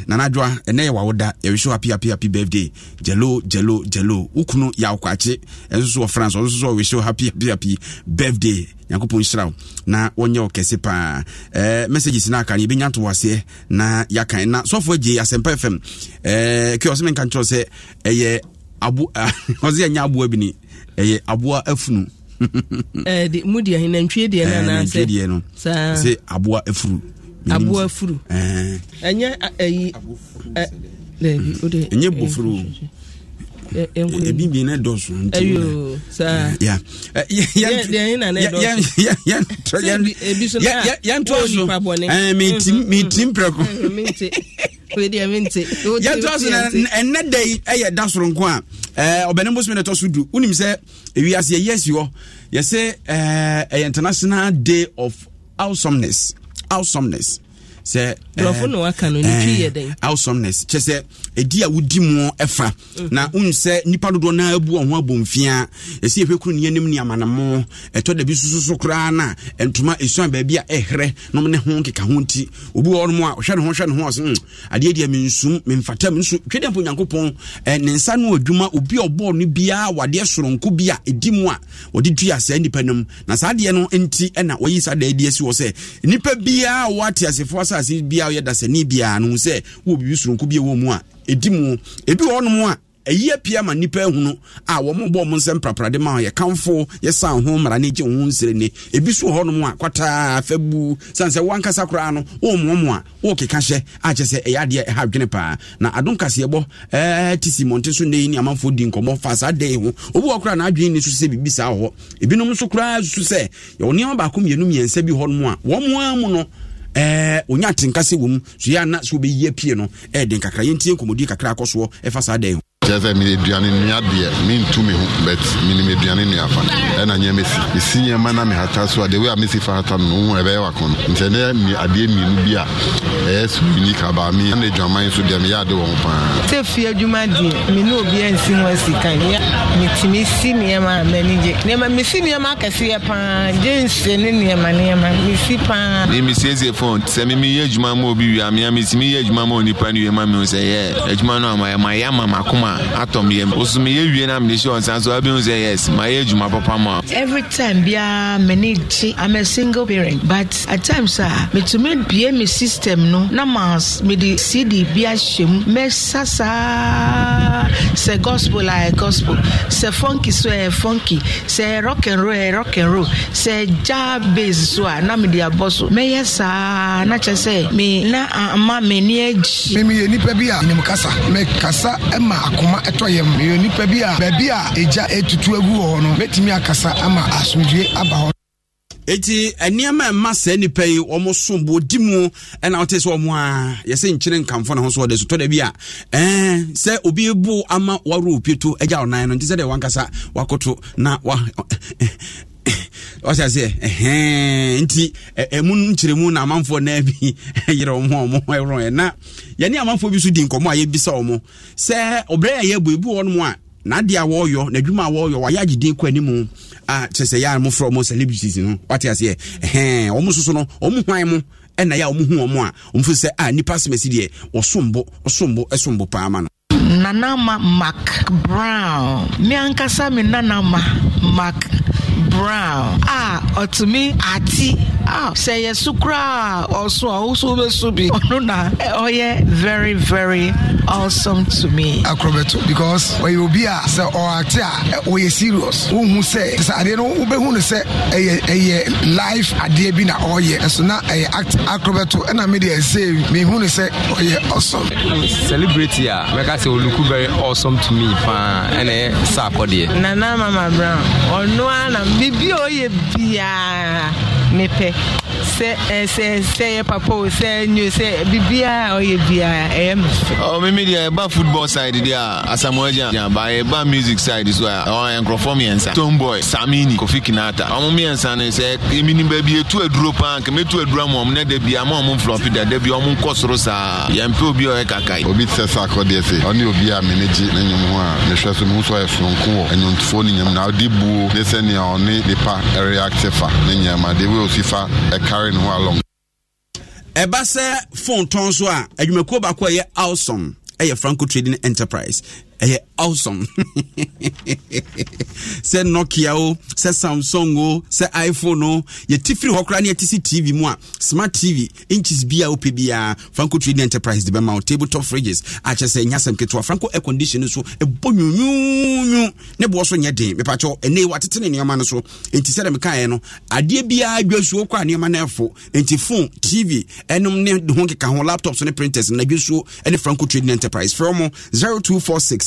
A: nanadwoa ɛnɛ yɛ wawoda yɛwiso happy happy happy birthday jelo jelo jelo wokunu yɛ awokwaakye ɛnso so wɔ france ɔno so so happy happy happy birthday nyankopɔn nhyira wo na wɔnyɛ wo kɛse paa eh, messages no aka no yɛbɛnya to waseɛ na yɛakan na sɔfoɔ agye asɛmpa fm eh, kɛ ɔsɛ menka nkyerɛw sɛ ɛyɛ eh, abo (laughs) ɔsɛ yɛnyɛ aboa bi ni ɛyɛ aboa afunu (laughs) mu
B: deɛ deɛ no anaasɛ
A: aboa afuru abo afuru
B: ɛnyɛ ayi
A: ɛbi o de ɛnyɛ e, bofuru e, e, ebi bi ne dɔso nti
B: saa yɛntoasometim prɛko yɛntoaso na ɛnɛ
A: mm-hmm, mm-hmm. (laughs) da yi ɛyɛ da soronko a ɔbɛne mbosome ne ɛtɔ so du wonim sɛ ewiase yɛyi asi hɔ yɛsɛ ɛyɛ international day of awesomeness awesomeness sɛ
B: eh, eh,
A: awosomeness kyɛ sɛ ɛdi a wodi mu ɛfa mm. na wohu sɛ nnipa dodoɔ no abu ɔho abɔmfia ɛsɛ yɛhwɛ kuro neanim ne amanamo ɛtɔ da bi koraa na ntoma a baabi a ɛherɛ nom ne ho keka ho nti obi wɔ nom a ɔhwɛ ne ho hwɛ ne ho ɔse hmm, adeɛ deɛ mensum memfata m nso twɛdeɛ mpo onyankopɔn eh, ne nsa no adwuma obi a ɔbɔɔ no biaa wadeɛ soronko bi a ɛdi mu a wɔde dua saa nnipa nom na saa adeɛ no nti ɛna wɔyi saa da adi asi wɔ sɛ nnipa biaa asase biara yɛ dasani biara no sɛ wɔ bibi soronko bi wɔ mu a ɛdi mu ebi wɔ nom a ɛyi apia ma nipa ehunu a wɔn bɔ wɔn nsɛm praprade ma yɛ kanfo yɛ san ho mara ne gye wɔn nsere ne ebi so hɔ nom a kwataa fɛbu sansɛ wɔn ankasa koraa no wɔn mu wɔn a wɔn keka hyɛ a kyɛ sɛ ɛyɛ adeɛ ɛha adwene paa na adum kaseɛ bɔ ɛɛ ti si mɔnte so ne yi ne amanfo di nkɔmɔ fa saa dan yi ho obi wɔ koraa n'adwene ne so sɛ bibi saa hɔ ebinom so koraa so sɛ yɛwɔ nneɛma baako mmienu mmiɛnsa bi hɔ nom a wɔn mu no ɛɛ eh, onya atenka sɛ wɔ mu so yɛ ana sɛ wobɛyi apie no ɛɛden eh, kakra yɛntie nkɔmmɔdi kakra akɔ soɔ ɛfa saa dan ho
K: kyerɛ sɛ mede aduane nnua deɛ mentu me ho but menim aduane nnua fa ɛna nyɛ mɛsi mesi nyɛma na mehata so a deɛ wei a mesi fa hata no wohu ɛbɛyɛ wako no ntɛ nɛ adeɛ mmienu bi a ɛyɛ so unique abaa me ɛna adwaman so deɛ meyɛ
H: ade wɔ ho paa
B: sɛ fie adwuma deɛ me ne obi ansi ho asika metumi si nneɛma a m'ani gye nneɛma mesi nneɛma akɛseɛ paa gyense ne nneɛma nneɛma mesi paa
A: mesiesie phone sɛ memeyɛ adwuma ma obi wie a mea metumi yɛ adwuma ma onipa no wie ma mehu sɛ yɛ adwuma no amayɛ mayɛ ama makoma atɔm yam osome yɛwie no amene hyɛ ɔnsa so wabɛhu sɛ yes mayɛ adwuma papa mu a
B: every time biaa mene gye I'm a single parent but at times a metumi bue me system no na ma mede cd bi ahyɛ mu mɛsa sasa, sɛ gospel a ɛ gospel sɛ funky so ɛ eh, funky sɛ rock and roll ɛ eh, rock and roll sɛ gya base so a na mede abɔ so mɛyɛ saa na kyerɛ sɛ me na ama m'ani agyi memeyɛ nnipa bi a
A: menim kasa mekasa ma ako ahoma ɛtɔ yam meyɛ nipa bi a baabi a egya etutu agu wɔ hɔ no mɛtumi akasa ama asomdwe aba hɔ eti eh, nneɛma a ɛma saa nipa yi wɔn so bɔ di mu ɛna wɔte sɛ wɔn a yɛsɛ nkyene nkamfo na ho so so tɔ da a ɛɛ sɛ obi bu ama wɔrɔ opieto agya ɔnan no nti sɛ deɛ wankasa wakɔto na wa (laughs) Eh, ɔsɛ sɛ ɛhɛn nti ɛmu nkyerɛmu na amanfoɔ naa bi (laughs) wɔn a wɔn ɛwɔ na yɛne amanfoɔ bi so di nkɔmɔ a yɛbisa wɔn sɛ ɔbrɛ yɛ yɛbɔ ebi wɔn mu a n'ade a wɔreyɔ n'adwuma a ya wɔayɛ agyedin kɔ anim a kyerɛ sɛ yɛa mofrɛ ɔmo celebrities no wate aseɛ ɛhɛn wɔn soso no wɔn hwan mu ɛna yɛ a wɔn hu wɔn a wɔn fi sɛ a nipa sɛmɛsi
B: brown to me, ati ah sɛ yɛ so koraa ɔso a woso wobɛso bi ɔno na ɔyɛ very very awesome to me akorɔbɛto because ɔyɛ obi a sɛ ɔate oh, a wɔyɛ eh, oh, serious
A: wohu sɛ sɛ adeɛ no eh, eh, oh, wobɛhu no sɛ ɛyɛ ɛyɛ life adeɛ bi na ɔyɛ ɛso na ɛyɛ act akorɔbɛto ɛna mede ɛsɛ mehu no sɛ ɔyɛ awesome
B: celebrity a mɛka sɛ ɔluku very awesome to me paa ɛna ɛyɛ sa akɔdeɛ nana mama brown ɔno a na biribi a ɔyɛ mepɛ sɛ sɛ sɛ yɛ papa o sɛ nyo sɛ biribiara ɔyɛ biara ɛyɛ me fɛ.
A: ɔ mímí deɛ ɛba football side deɛ a asamoah gyan gyan ba ɛba music side so a ɔyɛ nkurɔfoɔ mmiɛnsa tomboy samini kofi kinata ɔmo mmiɛnsa no sɛ emi ni baabi etu aduro paa nkɛmɛ tu aduro mu ɔmo ne de bi ama ɔmo flɔpi da de bi ɔmo nkɔ soro saa yɛn pɛ obi a ɔyɛ kaka yi. obi sɛ sɛ akɔdeɛ se ɔne obi a mene gye ne nyom ho a mehwɛ so mehu sɛ ɔyɛ soronko wɔ anyomtufoɔ ne nyam na ɔde buo ne sɛnea ɔne nipa ɛreacte fa ne nyɛma de wei osi fa ɛkare carrying her along. ɛba sɛ phone tɔn so a adwumakuo baako a ɛyɛ awesome ɛyɛ franco trading enterprise ɛyɛ awesome (laughs) sɛ nokia o sɛ samsung o sɛ iphone o yɛti firi hɔ koraa ne yɛte si tv mu a smart tv inches bia wopɛ biaa franco trading enterprise de bɛma wo tabletop fridges akyɛ sɛ ɛnya sɛm ketewa franco air condition so ɛbɔ nwunwunwu ne boɔ so nyɛ den mepakyɛw ɛnɛ yi watete ne nneɛma no so enti sɛdeɛ mekaeɛ no adeɛ biaa dwasuo kɔ a nneɛma no ɛfo enti phone tv ɛnom ne ho keka ho laptops ne printers na dwasuo ne franco trading enterprise frɛ mo 0246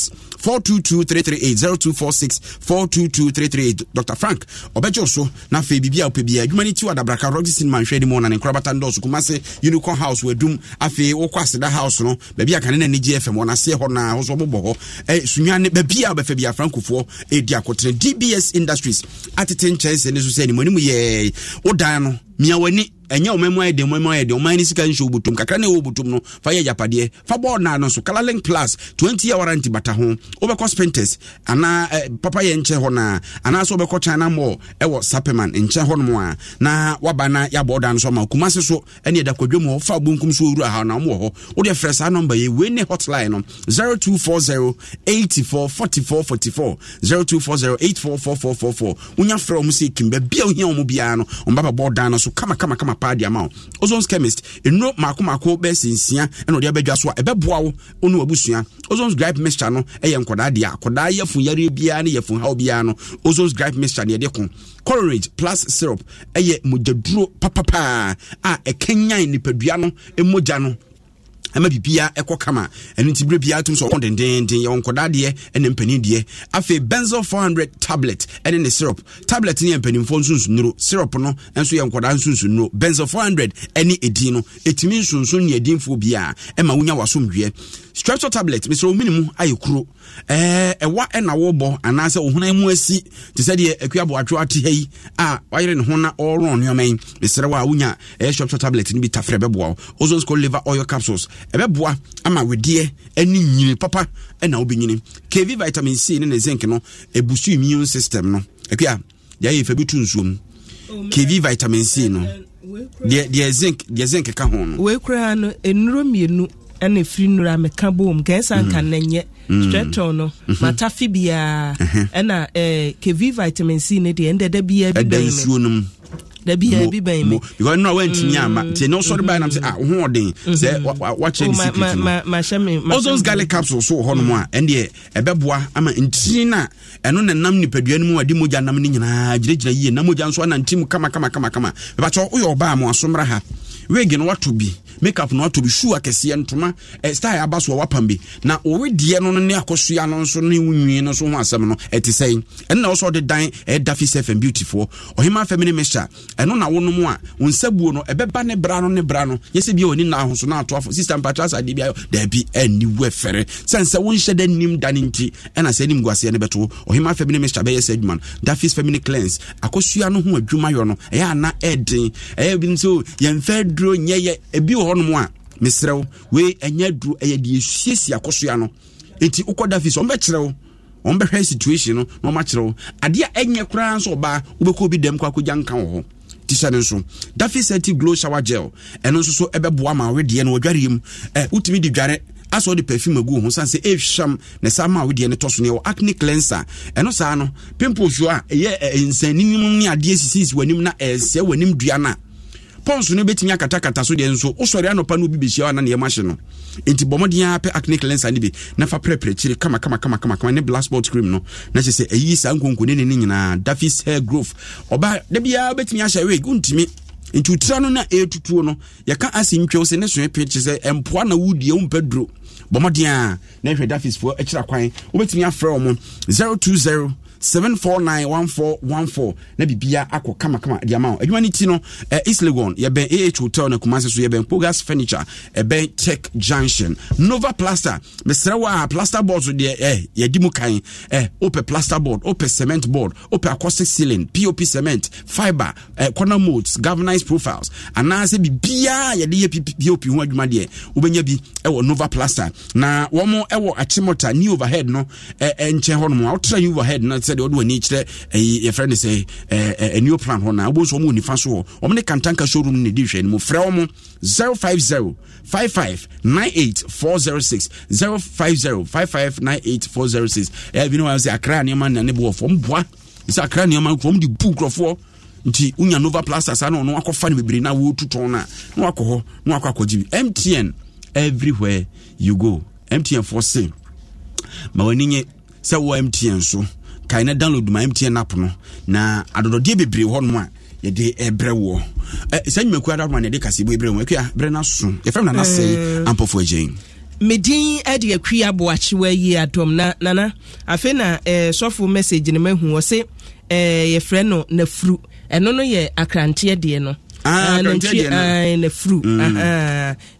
A: 0246338 422338 024642238 dr frank ɔbɛgye so na afei biribi a wopɛ biaa adwuma no ti wɔ adabraka rogye cinema nhwɛ anim ɔnane nkorabata ndɔso kuma se unicorn house wadum afei wokɔ aseda house no baabi a kane no anigye fm ɔnaseɛ hɔ naa wo so wobobɔ hɔ sunwa ne baabi a wobɛfa bia frankofoɔ ɛdi akɔtena dbs industries atete nkyɛn sɛ ne so sɛ animanim yɛɛ wodan no mia ɛnyɛ ɔman mu ayɛ deɛ ɔman mu ayɛ deɛ ɔman ne sika nhyɛ obotom kakra na ɛwɔ obotom no fa yɛ yapadeɛ fa bɔɔl naa no so colourlink plus twenty year warranty bata ho wobɛkɔ spenters anaa ɛ papa yɛ nkyɛn hɔ naa anaa so wobɛkɔ china mall ɛwɔ sapeman nkyɛn hɔ nom a na waba na yabɔ ɔdan so ama kumase so ɛne ɛda kwadwam hɔ fa bonkum so owura ha na ɔmo wɔ hɔ wode frɛ saa nɔmba yi wei ne hotline no zero two four zero eighty four forty four forty four zero two four zero eight four four four four four wonya frɛ ɔmo sɛ kimba bia ohia ɔmo biara no ɔmo ba ba no so kamakamakamak paa de ama wo ozons chemist nnuro mako mako bɛsi nsia ɛna ɔde abɛdwa so a ɛbɛboa wo ɔne wabusua ozons gripe mixture no ɛyɛ nkɔdaa deɛ a kɔdaa yɛfun yareɛ biara ne yɛfun haw biara no ozons gripe mixture ne yɛde ko courage plus syrup ɛyɛ mogyaduro papapaa a ɛkɛnyan nipadua no mogya no ama bibia ɛkɔ kama ɛno nti berɛ biaa tom sɛ ɔkɔ dendenden yɛwɔ nkɔdadeɛ ɛne mpanideɛ afei benzel 400 tablet ɛne ne syrup tablet ne yɛ mpanimfoɔ nsonsonnuro syrup no nso yɛ nkɔdaa nsonsonnuro benzel 400 ɛne ɛdin no ɛtumi nsonson ne adinfoɔ biaa ɛma wonya w'asomdweɛ strepsil tablet mesrɛ omini mu ayɛ kuro ɛwa ɛna wobɔ anaasɛ ohona mu asi te sɛ deɛ akuaboatwe ate ha yi a wayere ne ho na ɔrɔn nneɔma yi mesrɛ wo a wonya ɛyɛ strepsil tablet no bi tafrɛ ɛbɛboa ozone score liver oil capsules ɛbɛboa ama wedeɛ ne nyini papa ɛna wobɛnyini kv vitamin c ne ne zinc no ebusu immune system no akua deɛ ayɛ fa bi to nsuom oh, kv vitamin c no deɛ zinc deɛ zinc ka ho no
B: wei koraa no ɛnuro mmienu ɛna firi nnura meka bom nka ɛsa nka mm-hmm. nnɛnyɛ mm-hmm. stretol no mm-hmm. matafe biaa ɛna kv vitamin c no deɛ ɛndɛ da bi bɛn
A: da biaa bi bɛn me because nnura wantumi ama mm. nti ɛnyɛ wosɔre baa nam sɛ a ah, ho ɔden sɛ wakyerɛ ne oh, secret no ozons garlic mm. capsule so wɔ hɔ nom a ɛndeɛ ɛbɛboa ama ntini no a ɛno na nam nipadua no mu a de mogya nam no nyinaa gyinagyina yie na mogya nso anantim kama kama kama kama bɛbakyɛ woyɛ ɔbaa mo asomra ha wege no wato bi makeup no atɔ bi shoe akɛseɛ ntoma eh, style aba so wapam bi na owe deɛ no no ne akɔsoa no nso ne wo nwie no so ho asɛm no ɛte sɛn ɛno na wɔsɛ ɔde dan ɛda eh, fi sɛ fɛn beautyfoɔ ɔhema family mixture ɛno na wonom a wo nsa buo no ɛbɛba ne bra no ne bra no yɛ sɛ bia wɔni na ahoso no ato afo sister mpatra sa adeɛ bi ayɔ daabi ɛnni wo ɛfɛre sɛn sɛ wonhyɛ da nim da ne nti ɛna sɛ anim guaseɛ no bɛto ɔhema family mixture bɛyɛ sɛ adwuma no dafis family cleanse akɔsoa no ho adwuma yɔ no ɛyɛ ana ɛden ɛyɛ bi nso yɛmfa duro nyɛyɛ ebi wɔ hɔnom a mesrɛ wo wei ɛnyɛ duro ɛyɛ deɛ ɛsiesie akɔsoa no enti wokɔda fii sɛ ɔmbɛkyerɛ wo ɔmbɛhwɛ situation no na ɔmakyerɛ wo adeɛ a ɛnyɛ koraa nso ɔbaa wobɛkɔ bi dɛm kɔ akɔgya nka wɔ hɔ tisha nso dafi sɛti glow shower gel ɛno nso so ɛbɛboa ma awedeɛ no ɔdwareɛ mu ɛ wotumi de dware asɔ de perfume agu ho san sɛ ɛhwam na saa ma awedeɛ no tɔ neɛ wɔ acne cleanser ɛno saa no pimples a ɛyɛ nsaninimu ne adeɛ sisisi w'anim na ɛsɛ w'anim dua no a pons no bɛtumi akatakata so deɛ nso wosɔre anɔpa no wobi bɛhyia ana neɛma hye no enti bɔ mmɔden a pɛ acnic lensa no bi na fa prɛprɛkyire kamakamakamakama ne black sport cream no na kyɛ sɛ ayiyi saa nkonkone ne no nyinaa dafis hair growth ɔba da biaa wobɛtumi ahyɛ wig wontumi nti wotira no na ɛtutuo no yɛka ase ntwɛw sɛ ne soe pe kyɛ sɛ ɛmpoa na wodie wompɛ duro bɔ mmɔden a na nhwɛ dafisfoɔ akyira kwan wobɛtumi afrɛ wɔ mo 020 seven four nine one four one four na bibia akɔ kamakama de ama wo adwuma no ti no eh, east legon yɛbɛn ah hotel na kumase so yɛbɛn pogas furniture ɛbɛn tech junction nova plaster mesrɛ wo a plaster board so deɛ eh, yɛdi mu kan eh, wopɛ plaster board wopɛ cement board wopɛ acoustic ceiling pop cement fiber eh, corner molds galvanized profiles anaasɛ biribiaa yɛde yɛ pop ho adwuma deɛ wobɛnya bi ɛwɔ nova plaster na wɔn ɛwɔ akyemɔta new overhead no eh, eh, nkyɛn hɔnom a wotra new overhead no sɛdeɛ wode w'ani kyerɛ eh, eh, yɛfrɛ no sɛ eh, anio plan hɔ na wobɛhu sɛ ɔma onifa so hɔ ɔmo ne kantanka showroom no de hwɛ no mu frɛ wɔ mo 050 55 98 406 050 55 98 406 ɛyɛ bi no wa sɛ akra nneɛma nane bo wɔfɔ mboa sɛ akra nneɛma kurɔm de bu nkurɔfoɔ nti wonya nova plus asa no ɔno akɔfa no bebree na wɔtutɔn no a na wakɔ hɔ na wakɔ akɔgye bi mtn everywhere you go mtn foɔ se ma w'ani nye sɛ wɔ mtn so kae na download ma mtn app no na adɔdɔdeɛ bebree hɔ nom a yɛde ɛbrɛ woɔ saa nnwumakuo adadoma na yɛde kasebɔ brɛ mu akua no so yɛfrɛ m nanasɛe ampɔfo agyɛn
B: medin ɛde akui aboakyewa yi adɔm na nana afei na sɔfo message no mahu wɔ se eh, yɛfrɛ no nafuru ɛno no yɛ akranteɛ deɛ no Ah, ah, nantwie ah, na furu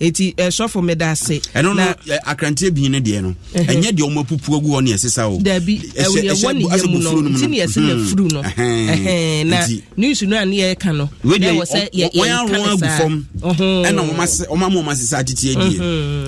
B: ɛti mm. ɛsɔfo eh, meda ase ɛno no
A: eh, akranteɛ bi no deɛ no ɛnyɛ deɛ ɔma pupu agu hɔ ne ɛsesa o dabi ɛwɔ ne yɛ no nti ne yɛsɛ na furu no hmm. na
B: news no a ne yɛka no ɛwɔ sɛ yɛyɛka ne saa
A: ɛna ɔma ma ɔma sesa atete adie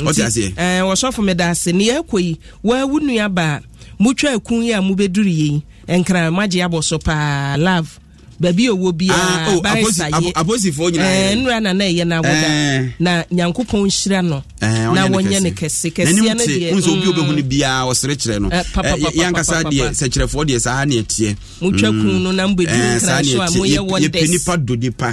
A: ɔte aseɛ
B: eh, wɔsɔfo meda ase ne yɛkɔ yi waawo nnuaba a motwa akun yi a mobɛduru yei nkra magye abɔ so paa love baabi owó biara ah, oh, barisa yɛ aposifoɔ nyinaa eh, nnura nana ɛyɛ n'awoda eh. na nyankopɔn nhyira no eh, na wɔnyɛ no kɛse kɛseɛ no deɛ nso obi mm. obɛhu no
A: biara ɔsere kyerɛ no yɛankasa deɛ sɛkyerɛfoɔ deɛ saa ne ɛteɛ motwa mm. kun no na mobɛduru nkraso a moyɛ mm. wɔndɛs nipa do nipa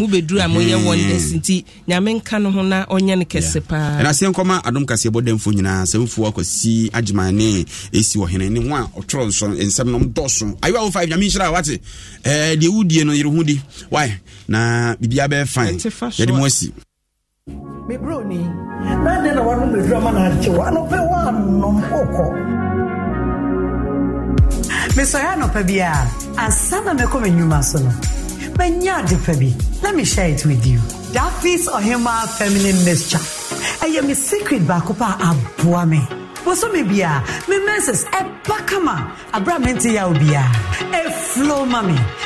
A: mobɛduru a moyɛ wɔndɛs
B: nti nyame nka no ho na ɔnyɛ no kɛse paa ɛna
A: sɛ nkɔma adom kaseɛ bɔdamfo nyinaa sɛ mfuo akɔsi agyema ne ɛsi ɔhene ne ho a ɔtwerɛ nsɛm nom dɔso ayewa wo 5 nyame nhyira a wate ɛɛ Eh, deɛ wodie no yere ho di wae na biribia bɛyɛ fine yɛde mu asi
C: na dɛn no agye wanɔpɛ woanom wokɔ mesɔre anɔpa bi a ansa na mɛkɔ m'anwuma so no manya ade pa bi let me share it with you that feast ɔhema feminine mixture ɛyɛ me secret baako pa a aboa me bosome bia me menses ɛba e kama abra mente yaw bia ɛflo e ma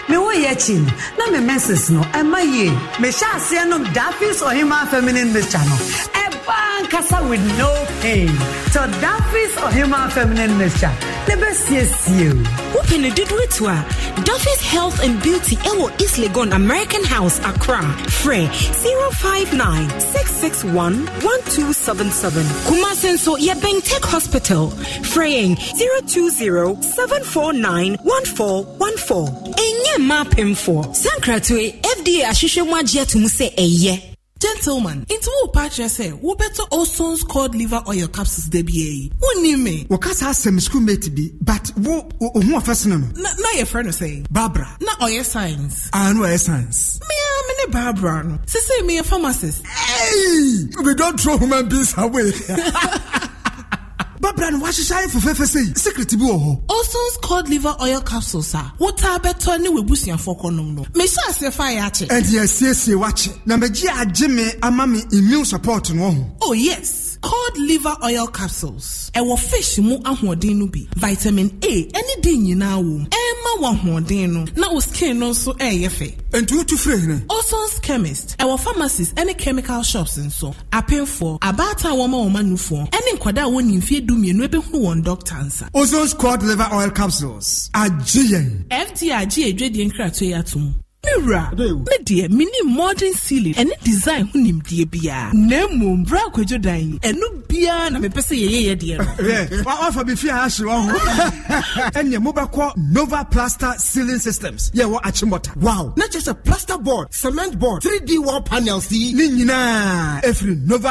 C: me wo yɛ akyi no na me menses no ɛma e yie mehyɛ aseɛ nom daafis ɔhema feminine mixture no ankasa with no pain so of human feminine mixture ne you. Who can you do to her? dafis health and beauty ɛwɔ east legon american house accra Frey
B: 059 661 1277 kumase nso tech hospital Freying 020 749 1414 ɛnyɛ mmaa pɛmfoɔ sankratoe fda ahwehwɛ mu agye atom Gentlemen, nti wo pa kyerɛ sɛ wobɛtɔ Olson's cod liver oil capsules da bi yi. Wonni me. Wɔka saa asɛm schoolmate bi but wo ohun ɔfɛ sene no. Na na yɛfrɛ no sɛn? Barbara. Na ɔyɛ science. Ah, no ɔyɛ science. Mmea me ne Barbara no. Sisi mi yɛ pharmacist. Hey! We don't throw human beings away. (laughs) nneɛma bra no wahyehyɛ ayɛ fɛfɛɛfɛ sɛ secret bi wɔ hɔ olsons cold liver oil capsules a wotaa bɛtɔ ne w'abusuafoɔ kɔnom no mehyɛ aseɛ fa ayɛ akye ɛde asiesie wakye na magye agye me ama me immune support no wɔ ho oh yes cod liver oil capsules ɛwɔ fish mu ahoɔden no bi vitamin a ɛne d nyinaa wɔ mu ɛma wɔ ahoɔden no na o skin no nso ɛɛyɛ fɛ. ntutu tu fure hinɛ. osons chemist ɛwɔ pharmacies ɛne chemical shops nso apɛnfoɔ abaatan wɔn a wɔn anufoɔ ɛne nkwadaa a wɔn nimfie du mmienu ebɛhunu wɔn doctor nsa. osons cod liver oil capsules agye yɛn. fda agye edwadie nkrataa ato mu mewura me deɛ menim modern ceiling ɛne design ho nimdeɛ biara na mmom bra akwadwo dan yi ɛno biara na mepɛ sɛ
D: yɛyɛyɛ deɛ no
B: (laughs) eh, wafa bi fie a ahye wɔ ho ɛneɛ (laughs) mobɛkɔ nova plaster ceiling systems yɛwɔ akyemmɔta wow na kyerɛ sɛ plaster board cement board 3d wall panels yi ne nyinaa ɛfiri e nova